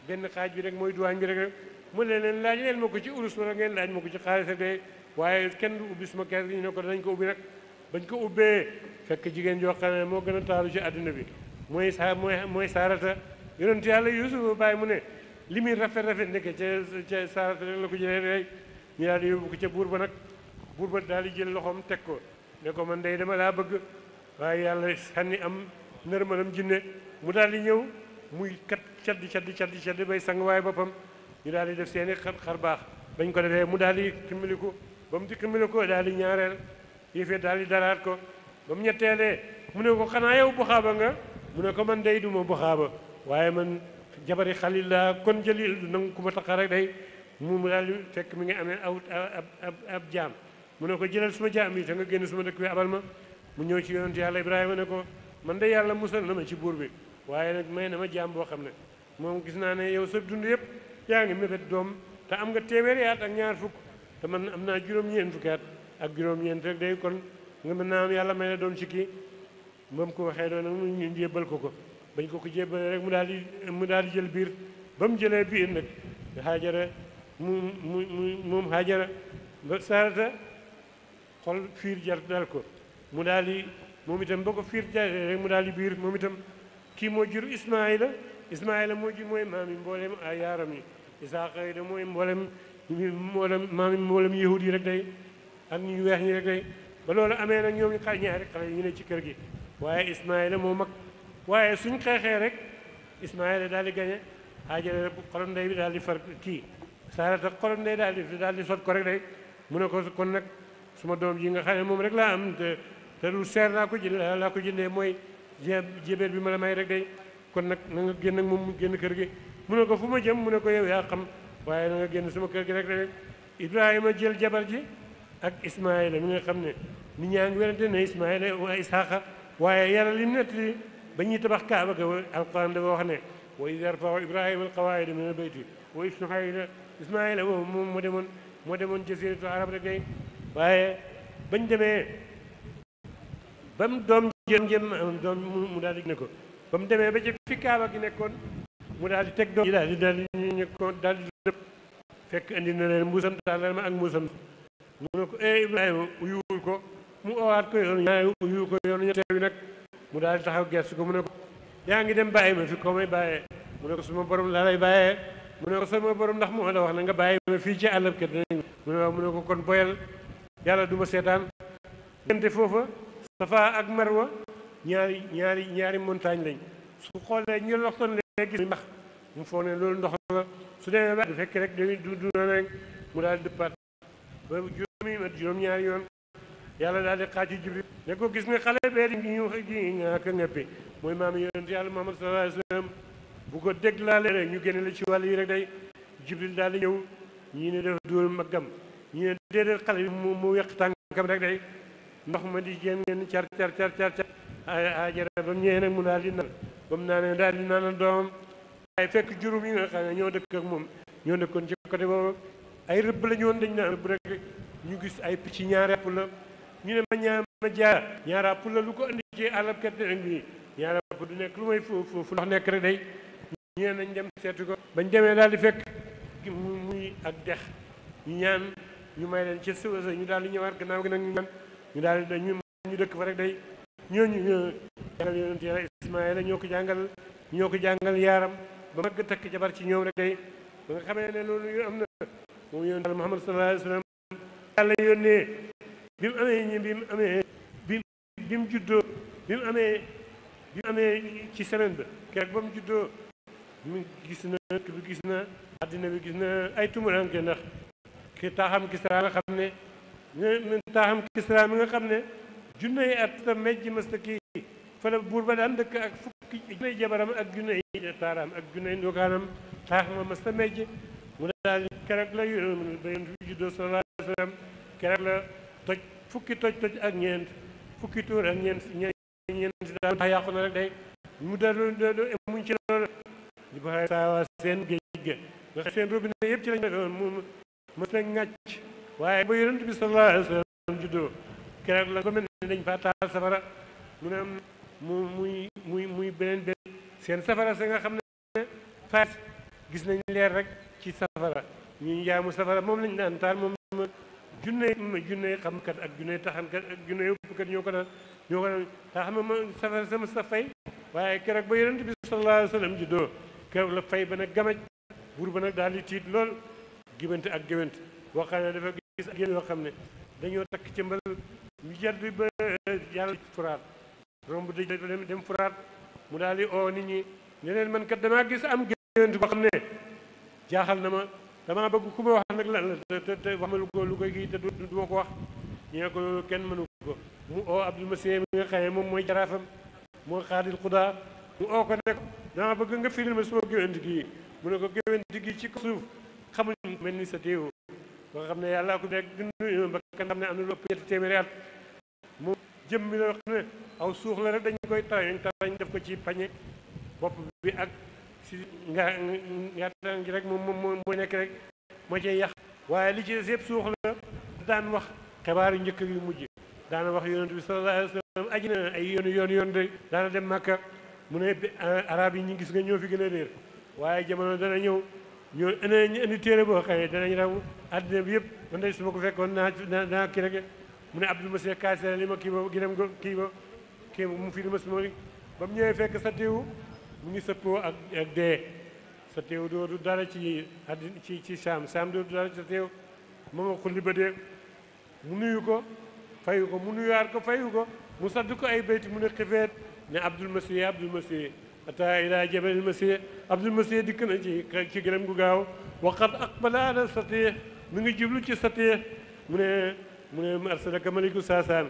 benn xaaj bi rek mooy duwaañ bi rek mu ne leen laaj leen ma ko ci urus wala ngeen laaj ma ko ci xaalis waaye kenn du ubbi suma kees gi ñu ne ko dañ ko ubbi nag bañ ko ubbee fekk jigéen joo xam moo gën a taaru ci àdduna bi mooy saa mooy mooy saarata yonent yàlla mu ne li muy rafet rafet nekk ca ca saara rek la ko jëlee rek ñu daal yóbbu ko ca buur ba nag buur ba daal di jël loxoom teg ko ne ko man day dama laa bëgg waaye yàlla sànni am ma nërmalam jinne mu daal di ñëw muy kat caddi caddi caddi caddi bay sang waaye boppam ñu daal di def seeni xar xar baax bañ ko defee mu daal di ximmiliku ba mu di ximmiliku daal di ñaareel yëfee daal di daraat ko ba mu ñetteelee mu ne ko xanaa yow bu xaaba nga mu ne ko man day duma bu xaaba jabari xalil laa kon jëlil du nangu ku ma taxa rek day mu daal di fekk mi ngi amee aw ab ab jaam mu ne ko jëlal suma jaam yi te nga génn suma dëkk bi abal ma mu ñëw ci yonent yàlla ibrahima ne ko man de yàlla musal na ma ci buur bi waaye nag may na ma jaam boo xam ne moom gis naa ne yow sa dund yëpp yaa ngi mébét doom te am nga téeméeri at ak ñaar fukk te man am naa juróom-ñeent fukki ak juróom-ñeent rek day kon nga mën naa am yàlla may na doom ci moom ko waxee doon nag ñu jébbal ko ko bañ ko ko jébbale rek mu daal di mu daal di jël biir ba mu jëlee biir nag xaajara mu mu mu moom xaajara ba sarata xol fiir jar dal ko mu daal di moom itam ba ko fiir jaree rek mu daal di biir moom itam kii moo jur ismaila ismaila moo jur mooy maami mboolem ay yaaram yi isaaqa yi da mooy mboolem mboolem maami mboolem yahud yi rek day ak ñu weex ñi rek day ba loolu amee nag ñoom ñu xar ñaari xale ñu ne ci kër gi waaye ismaila moo mag waaye suñ xeexee rek Ismaayila daal di gañe Haajara xorom ndey bi daal di far kii Saarata xorom ndey daal di daal di sot ko rek day mu ne ko kon nag suma doom ji nga xam ne moom rek laa am te te laa ko jël laa ko jëndee mooy jébeer bi ma la may rek day kon nag na nga génn ak génn kër gi mu ne ko fu ma jëm mu ne ko yow yaa xam waaye génn suma kër gi rek day Ibrahima jël jabar ji ak Ismaayila mi nga xam ne nit ñaa ngi werante ne Ismaayila waa Isaaxa waaye yàlla li nettali ba ñuy tabax kaaba ga alquran dafa wax ne wa id yarfau ibrahima alqawaida min albayti wa ismaila ismaila woowu moom moo demoon moo demoon jasiratu arab rek day waaye bañ demee ba mu doom jëm jëm doom mu daal di ne ko ba mu demee ba ci fi kaaba gi nekkoon mu daal di teg doom daal di daal di ñu ko daal di dëpp fekk indi na leen mbuusam tàllarma ak mbuusam mu ne ko e eh ibrahima uyuwul ko mu owaat ko yoon ñaari uyuwul ko yoon ñetteelu nag mu daal di taxaw gestu ko mu ne ko yaa ngi dem bàyyi ma fi koo may bàyyee mu ne ko suma borom la lay bàyyee mu ne ko sama borom ndax moo la wax na nga bàyyi ma fii ci àllab ke danañ mu ne ne ko kon boyal yàlla du ma seetaan diggante foofa safa ak marwa ñaari ñaari ñaari montagne lañ su xoolee ñu loxtoon gis max mu foog loolu ndox la su demee ba du fekk rek dañuy du du na rek mu daal dëppaat ba juróomi at juróom-ñaari yoon yàlla daal di xaaju jibril ne ko gis nga xale bee di ñu ji ngaaka ngeppi mooy ko dégg laale rek ñu génne la ci wàll yi rek day jibril daal di ñëw ñii ne dafa dóor magam ñii ne déedéet xale bi mu mu weq tànkam rek day ndox ma di génn ngeen car car car car car ajara ba mu ñëwee nag mu daal di naan ba naanee daal di naanal doomam waaye fekk juróom yi nga xam ne ñoo dëkk moom ñoo dëkkoon ci côté boobu ay rëbb la ñu woon dañ rëbb rek ñu gis ay picc ñaar yàpp la ñu ne ma ñaa ma jaara ñaara pour la lu ko andi ci àllab kerte ak nii ñaara pour du nekk lu may foofu fu ndox nekk rek day ñu ne nañ dem seetu ko bañ demee daal di fekk muy ak dex ñu ñaan ñu may leen ci suba ñu daal di ñëwaat gannaaw gi nag ñu ñaan ñu daal di ñu ñu dëkk fa rek day ñooñu ñoo jàngal yonent yàlla Ismaayla ñoo ko jàngal ñoo ko jàngal yaaram ba mag takk jabar ci ñoom rek day ba nga xamee ne loolu yu am na moom yonent yàlla Muhammad sallallahu alayhi wa sallam yàlla yónnee bi mu amee bi mu juddoo bi mu amee bi mu ci semaine ba gis na dëkk bi gis na àddina bi gis na ay tumuranke ndax ki taaxam Kisra nga xam ne ñu taaxam Kisra mi nga xam ne junney at sa mejj mas ta buur ba daan dëkk ak fukki junney jabaram ak junney taaraam ak junney ndookaanam taax ma mas mejj mu daal keroog la ba yónn fi juddoo sallallahu alayhi wa la toj fukki toj toj ak ñeent fukki tóor ak ñeent ñeent si daal tax yàqu na rek day mu dal muñ ci loolu ñu ba saawa seen géej ga nga seen robinet yëpp ci lañ doon mu mës na ŋàcc waaye ba yonent bi sallallahu alayhi wa sallam juddoo keroog la ko mel ne dañ fa taal safara mu ne mu muy muy muy beneen beneen seen safara sa nga xam ne faas gis nañ leer rek ci safara ñuy jaamu safara moom lañ daan taal moom junne junne xamkat ak junne taxankat ak junne yëppkat ñoo ko ñoo ko daan te xam ma safara sama sa fay waaye keroog ba yonent bi sallallahu alayhi la fay ba nag gamaj buur ba daal di tiit lool gibante ak géwante waxaane dafa gis ak yéen yoo xam ne dañoo takk ci mbal ñu bi ba euh, yàlla furaat romb dëj dem furaat mu daal di oo nit ñi ne leen man kat damaa gis am géwante boo xam ne jaaxal na ma damaa bëgg ku ma wax nag la te te wax ma lu ko lu koy kii te du du ma ko wax ñu ne kenn mënu ko mu oo Abdul Masih mi nga xamee moom mooy jaraafam moo xaadil xudaa mu oo ko nekk dama bëgg nga firil ma suma géwénti gii mu ne ko géwénti gii ci suuf xamuñ mel ni sa téew ba xam ne yàlla ko nekk dund ba kan xam ne am na lu ëpp ñetti téeméeri at moom jëm bi ne aw suux la rek dañ koy tarañ tarañ def ko ci pañe bopp bi ak ci nga ngaataan gi rek moom moom moo nekk rek moo cay yàq waaye li ci des yëpp suux la daan wax xibaaru njëkk yu mujj daana wax yonent bi sallallahu alayhi wa sallam aji na ay yoon yoon yoon de daana dem Màkka mu ne ah, arab yi ñu gis nga ñoo fi gën a réer waaye jamono dana ñëw ñoo ënañ indi téere boo xam ne danañ raw àddina bi yëpp man day su ma ko fekkoon naa naa kii rek mu ne Abdou Masih kaasera li ma kii ba gi dem kii ba kii mu fi di ma ba mu ñëwee fekk sa teewu mu ngi sëppoo ak ak dee sa doo du dara ci ci ci saam saam doo du dara sa teew moom a xulli ba dee mu nuyu ko fayu ko mu nuyuwaat ko fayu ko mu sadd ko ay bayti mu ne xifeet ne abdul masih abdul masih ata dikk na ci ci gu gaaw waqad aqbala ala mu ngi jiblu ci satih mu ne mu ne arsalaka maliku saasaan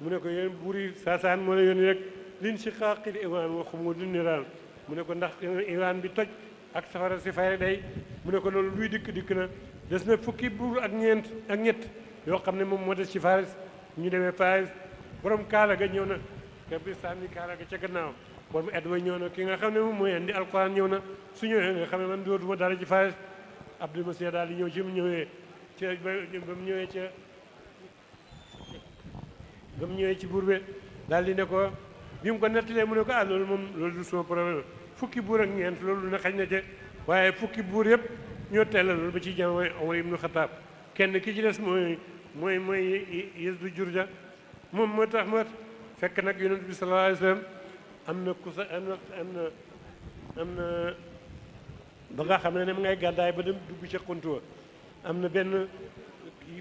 mu ne ko yéen buuri saasaan moo la yónni rek lin si xaaqil imaan wa xumudin niraan mu ne ko ndax Iran bi toj ak safara si fay day mu ne ko loolu luy dikk dikk na des na fukki buur ak ñeent ak ñett yoo xam ne moom moo des ci Faris ñu demee Faris borom kaala ga ñëw na kabristaan bi kaala ga ca gannaaw borom ed wa ñëw na ki nga xam ne moom mooy indi alquran ñëw na su ñëwee nga xam ne man dootuma dara ci Faris Abdul Masiih daal di ñëw ci mu ñëwee ca ba mu ñëwee ca ba ñëwee ci buur bi daal di ne ko bi mu ko nettalee mu ne ko ah loolu moom loolu fukki buur ak ñeent loolu na xañ na ca waaye fukki buur yépp ñoo teela loolu ba ci jamono Omar ibnu Xataab kenn ki ci des mooy mooy mooy Yazid Jurja moom moo tax moo fekk nag yonent bi sallallahu am na kusa am nga xam ne ne mu ngay gàddaay ba dem dugg ca xuntuwa am na benn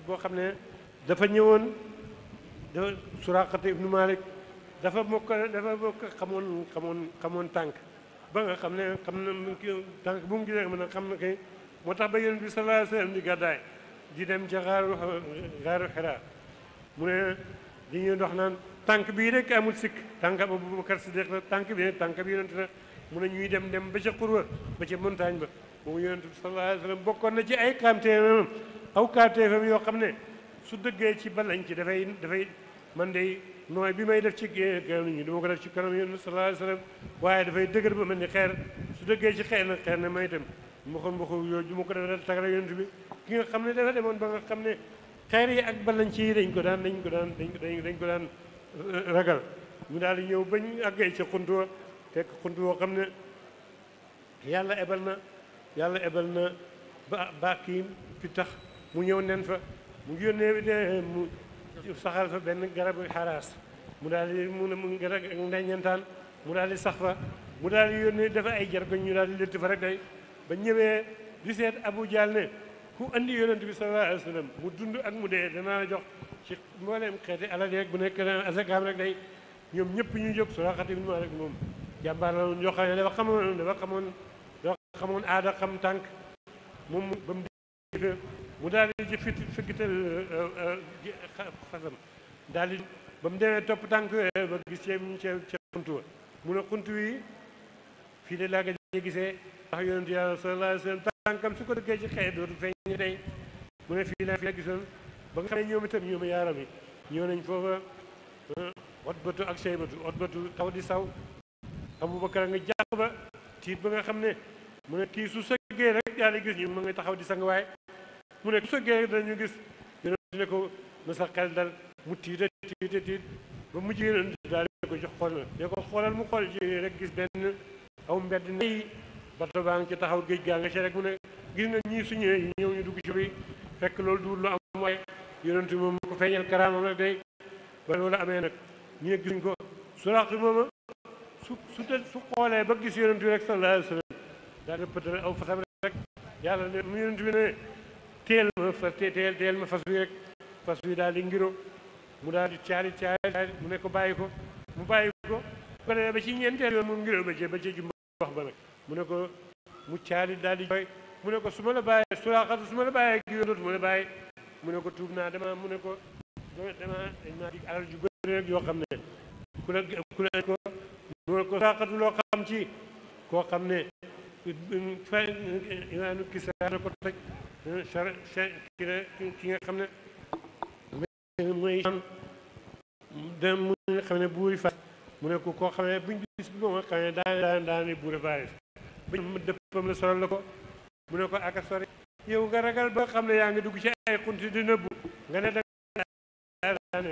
boo xam ne dafa ñëwoon da Suraqata ibnu Malik dafa mokk dafa mokk xamoon xamoon xamoon tànk ba nga xam ne xam na ki tànk bu mu gisee mën a xam na kay moo tax ba yonent bi sallallahu alayhi di gàddaay di dem ca xaaru mu ne di ñuy dox naan tànk bii rek amul sikk tànk Abubakar Siddiq la tànk bi tànk bi yonent la mu ne ñuy dem dem ba ca xurwa ba ca montagne ba moom yonent bi sallallahu alayhi wa sallam bokkoon na ci ay kaamteefam aw kaamteefam yoo xam ne su dëggee ci ba lañ ci dafay dafay man day nooy bi may def ci kanam ñi dama ko def ci kanam yonent sallallahu alayhi wa waaye dafay dëgër ba mel ni xeer su dëggee ci xeer na xeer na may itam mboxoon mboxoon yooyu du ma ko def da tagara yonent bi ki nga xam ne dafa demoon ba nga xam ne xeer yi ak balanci yi dañ ko daan dañ ko daan dañ ko daan eh, ragal mu daal di ñëw bañ àggee ci xunt wa fekk xunt woo xam ne yàlla ebal na yàlla ebal na ba baakiim fi tax mu ñëw nen fa mu yónnee mu saxal fa benn garabu xaraas mu daal di mu ne mu ngi rek ak ndeññantaan mu daal di sax fa mu daal di yónnee dafa ay jar ñu daal di lëtt fa rek day ba ñëwee di seet Abu Jahl ne ku andi yonent bi sallallahu alayhi wa sallam mu dund ak mu dee danaa jox ci mbooleem xeeti alal yeeg bu nekk na asakaam rek day ñoom ñëpp ñu jóg Suraaxata ibn Maalik moom jàmbaar la woon dafa xamoon dafa xamoon aada xam tànk moom ba mu mu daal di ci fit fikkital euh, euh, euh, xasam daal di ba mu demee topp tànk ba gis ce ce ce xunt wa mu ne xunt wi fii de laa gëj a gisee ndax yonentu yàlla sallallahu tànkam su ko dëggee ci xëy ñu tey mu ne fi la gisoon ba nga xam ne ñoom itam ñoom yaaram yi ñëw nañ foofa Utbatu ak Saybatu Utbatu taw di saw Abubakar a nga jàq ba xam ne mu ne kii su sëggee rek daal di taxaw di sang waaye mu nekk su geer danañu gis yonent ne ko na sa xel dal mu tiita tiita tiit ba mu jigéen indi daal ne ko jox xoolal ne ko xoolal mu xool jigéen rek gis benn aw mbedd nay bato baa ngi ci taxaw géej gaa nga ci rek mu ne gis na ñii su ñëwee ñëw ñu dugg ci bi fekk loolu duur lu am waaye yonent moom ko feeñal karaamam rek day ba loolu amee nag ñu ne gisuñ ko su raxtu mooma su su te su xoolee ba gis yonent bi rek sallallahu alayhi wa sallam daal di pëtal aw fasam rek yàlla teel ma fa teel teel ma fas wi rek fas wi daal di ngiro mu daal di caari caari mu ne ko bàyyi ko mu bàyyi ko ko ba ci ñeenteel yoon moom ngiro ba ci ba ci jumba wax ba nag mu ne ko mu caari daal di jooy mu ne ko suma ma la bàyyi suraxatu su la bàyyi gi yoon dootu la bàyyi mu ne ko tuub naa dama mu ne ko dama dañ naa dig alal ju rek yoo xam ne ku la ku la ko mu ne ko suraxatu loo xam ci koo xam ne fa imaanu kisaa na ko toj char ki la ki nga xam ne mooy da mu nga xam ne buuri Faris mu ne ko koo xam ne buñ bis bi moom xam ne daan daan buuri Faris bañ dëppam la solal la ko mu ne ko aka sori yow nga ragal ba xam ne yaa ngi dugg ci ay xunti di nëbbu nga ne daan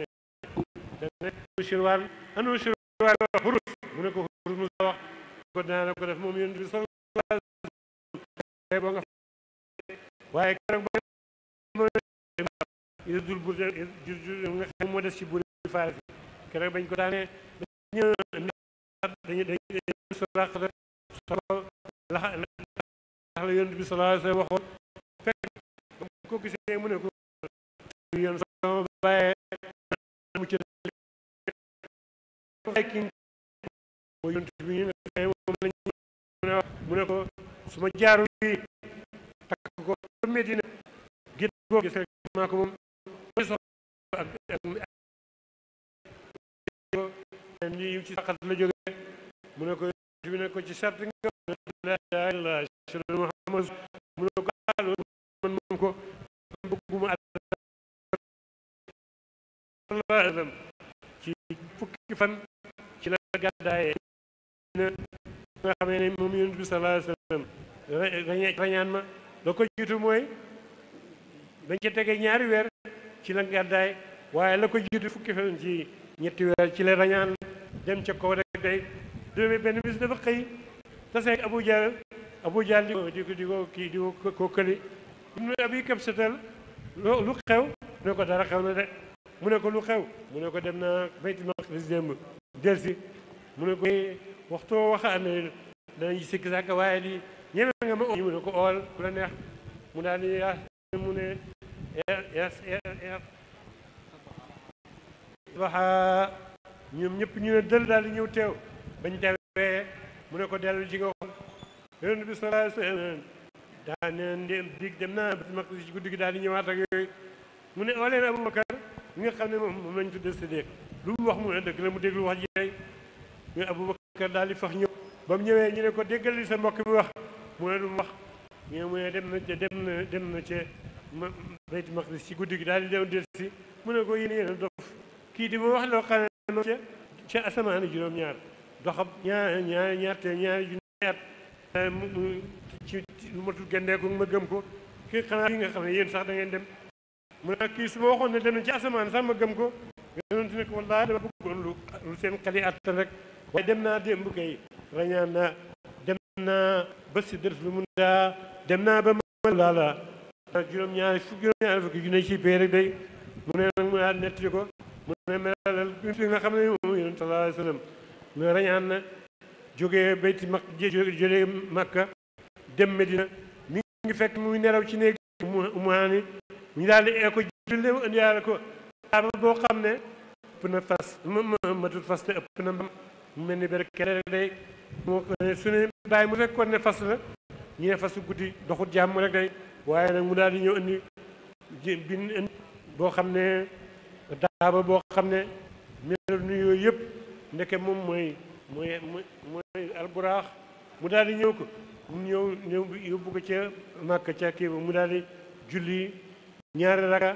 sirwaan anu sirwaan xurus mu ne ko xurus mu sa wax ko daana ko def moom yéen bi sal boo nga waaye keroog ba isa dul buur nga xam moo des ci buur faris keroog bañ ko daanee dañu dañu dañu soraq solo laxa la yonent bi sallallahu alayhi wa sallam waxoon fekk ko gisee mu ne ko mu ne mu ne ko suma jaaru Medina gi googu ci saqat la mu ne ko bi ko ci sart nga laa ilaaha moom ko bëgguma àll ci fukki fan ci la gàddaayee nga xamee ne moom yonent bi sallallaahu alayhi wa ma loo ko jiitu mooy bañ ca tegee ñaari weer ci la gàddaay waaye la ko jiitu fukki fan ci ñetti weer ci la rañaan dem ca kaw rek day demee benn bis dafa xëy taseeg Abu Jahl Abu Jahl di ko di ko kii ko ko këli mu ne abi kab satal lu xew mu ne ko dara xew na de mu ne ko lu xew mu ne ko dem naa Baytul Maqdis démb mu ne ko waxtoo waxaan ne danañ sikki sàkk waaye lii nga ba mu ne ko ool ku la neex mu daal di yaa mu ne waxa ñoom ñëpp ñu ne dël daal di ñëw teew bañ ko dellu ci nga waxoon yonent wa sallam daa neen daal di ñëwaat ak mu ne oo leen Aboubacar mi xam ne moom moom lañ tuddee lu mu wax mu ne dëgg la wax ji tey ñu Aboubacar daal di fax ñëw ba mu ñëwee ñu ne ko déggal li sa mbokk bi wax mu ne du wax ñu ne mu dem na dem na dem na ca bayt maqdis ci guddi gi daal di dem del si mu ko yéen yéen dof kii di ma wax loo xam ne ca ca asamaani juróom-ñaar doxam ñaar ñaar ñaar te ñaari junni ma tul gëm ko kii xanaa kii nga xam ne yéen sax da ngeen dem mu ne kii su ma waxoon na dem na ci asamaan sax ma gëm ko yonent ne ko wallaahi dama bëggoon lu lu seen xel yi attan rek waaye dem naa démb kay rañaan naa naa ba si dërës lu mun daa dem naa ba mën laa la juróom-ñaari fukk juróom-ñaari fukk junne ci pay rek day mu nga xam ne moom yonent sallallahu alayhi wa sallam mu ne rañaan na jógee bayti mak jógee Makka dem Medina mi ngi fekk muy neraw ci néeg mu haani daal ee ko julle indi ko daaba boo xam ne ëpp na fas matul fas te ëpp na mel ni bere kere rek day moo eh, su ne bàyyi mu fekkoon ne fas la ñu ne fasu guddi doxut jàmm rek day waaye nag mu daal di ñëw indi bin indi boo xam ne daaba boo xam ne melo nu yooyu yëpp ndeke moom mooy mooy mooy alburaax mu daal di ñëw ko mu ñëw ñëw yóbbu ko ca màkk ca kii mu daal di julli ñaari raka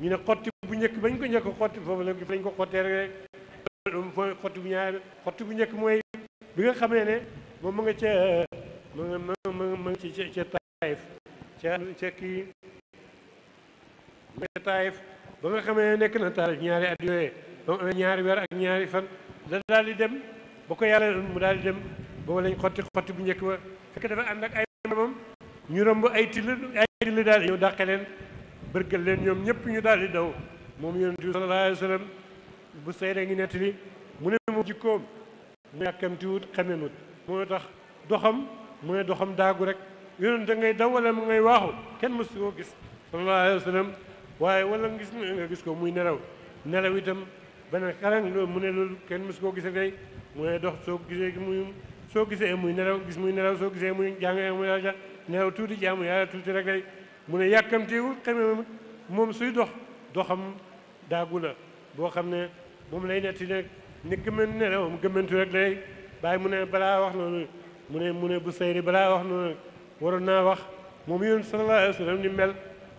ñu ne xotti bu njëkk bañ ko njëkk xotti foofu la lañ ko xottee rek xotti bu ñaari xotti bu njëkk mooy bi nga xamee ne moom mu nga ca mu nga mu nga mu nga ca ca taayif ca ca kii ca taayif ba nga xamee nekk na taayif ñaari at yooyee ba amee ñaari weer ak ñaari fan la daal di dem ba ko yàlla mu daal di dem booba lañ xotti xotti bu njëkk ba fekk dafa ànd ak ay moom ñu romb ay till ay till daal di ñëw dàqe leen bërgal leen ñoom ñëpp ñu daal di daw moom yonent bi sallallahu alayhi wa sallam bu sayda ngi nettali mu ne moom jikkoom mu yàkkamtiwut xememut moo tax doxam mu ne doxam daagu rek yonent da ngay daw wala mu ngay waaxu kenn mësu koo gis sallallahu alayhi wa sallam waaye wala gis nga gis ko muy nelaw nelaw itam benn xarañ loolu mu ne loolu kenn mësu koo gis ak day mu ne dox soo gisee mu soo gisee muy nelaw gis muy nelaw soo gisee muy jàng mu yàlla nelaw tuuti jaamu yàlla tuuti rek day mu ne yàkkamtiwut xememut moom suy dox doxam daagu la boo xam ne moom lay netti nag ni gëmëntu ne mu moom gëmëntu rek lay bàyyi mu ne balaa wax noonu mu ne mu ne bu sayri balaa wax noonu waroon naa wax moom yoon sallallahu alayhi ni mel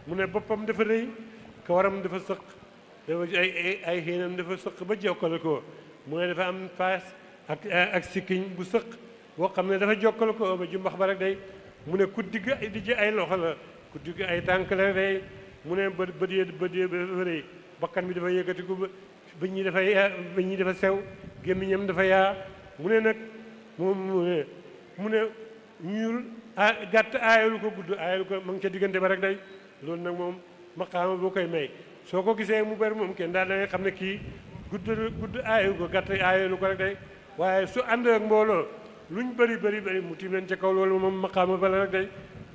mu ne boppam dafa rëy kawaram dafa sëq dafa ay ay dafa sëq ba jokkale ko mu ne dafa am faas ak ak sikkiñ bu sëq boo xam ne dafa jokkal ko ba jumbax ba rek day mu ne ku digg ay loxo la ku digg ay tànk la day mu ne bë bë bë dafa rëy bakkan bi dafa yëkkati ko bëñ ñi dafa yaa bëñ ñi dafa sew gémmiñam dafa yaa mu ne nag moom mu ne mu ne ñuul a gàtt aayalu ko gudd aayalu ko ma ngi ca diggante ba rek day loolu nag moom maqaama boo koy may soo ko gisee mu bari moom kenn daal da xam ne kii gudd gudd aayalu ko gàtt aayalu ko rek day waaye su ànd ak mbooloo ñu bari bari bari mu tiim leen ca kaw loolu moom maqaama ba la rek day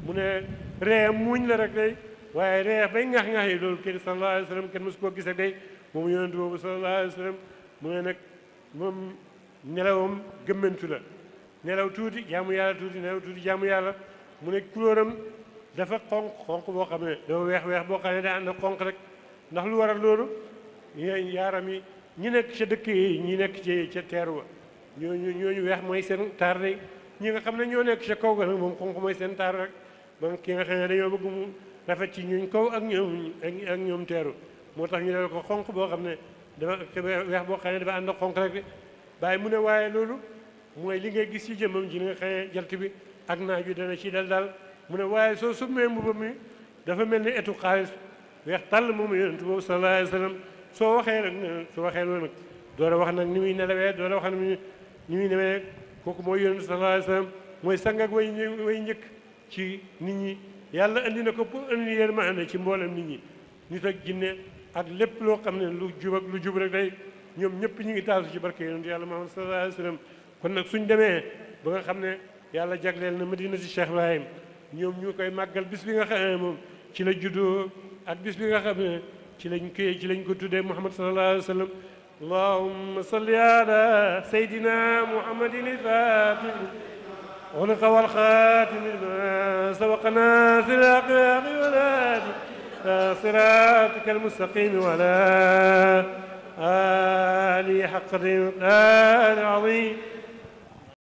mu ne ree muuñ la rek day waaye ree bay ŋax-ŋax yi loolu kenn sallallahu alayhi wa sallam koo gisee rek day moom yonent boobu sallallahu alayhi wa sallam mu ne nag moom nelawam gëmmantu la nelaw tuuti jaamu yàlla tuuti nelaw tuuti jaamu yàlla mu ne couleuram dafa xonq xonq boo xam ne dafa weex weex boo xam ne daa ànd ak xonq rek ndax lu waral loolu yaaram yi ñi nekk ca dëkk yi ñi nekk ci ca teeru wa ñooñu ñooñu weex mooy seen taar ñi nga xam ne ñoo nekk ca kaw ga nag moom xonq mooy seen taar rek ba ki nga xam ne dañoo bëgg mu rafet ci ñuñ kaw ak ñoom ak ñoom teeru moo tax ñu ne ko xonq boo xam ne dafa weex boo xam ne dafa ànd ak xonq rek bi bàyyi mu ne waaye loolu mooy li ngay gis ci jëmmam ji nga xëyee jant bi ak naaj wi dana ci dal daal mu ne waaye soo summee mbubb mi dafa mel ni etu xaalis weex tàll moomu yonent boobu sallallahu alayhi soo waxee rek soo waxee loolu nag door a wax nag ni muy nelawee door a wax nag ni muy newee kooku mooy yonent sallallahu alayhi wa mooy sang ak way way njëkk ci nit ñi yàlla indi na ko pour indi yërmande ci mboolem nit ñi nit ak jinne ak lépp loo xam ne lu jub ak lu jub rek day ñoom ñëpp ñu ngi taasu ci barke yonent yàlla Muhammad sallallahu alayhi kon nag suñ demee ba nga xam ne yàlla jagleel na madinati Cheikh Ibrahim ñoom ñu koy màggal bis bi nga xam moom ci la juddoo ak bis bi nga xam ne ci lañ koy ci lañ ko tuddee Muhammad sallallahu alayhi wasallam allahumma salli ala sayyidina muhammadin al-fatih wal khawal khatim sabaqa nasir al-aqwal صراطك المستقيم وعلى آله حق العظيم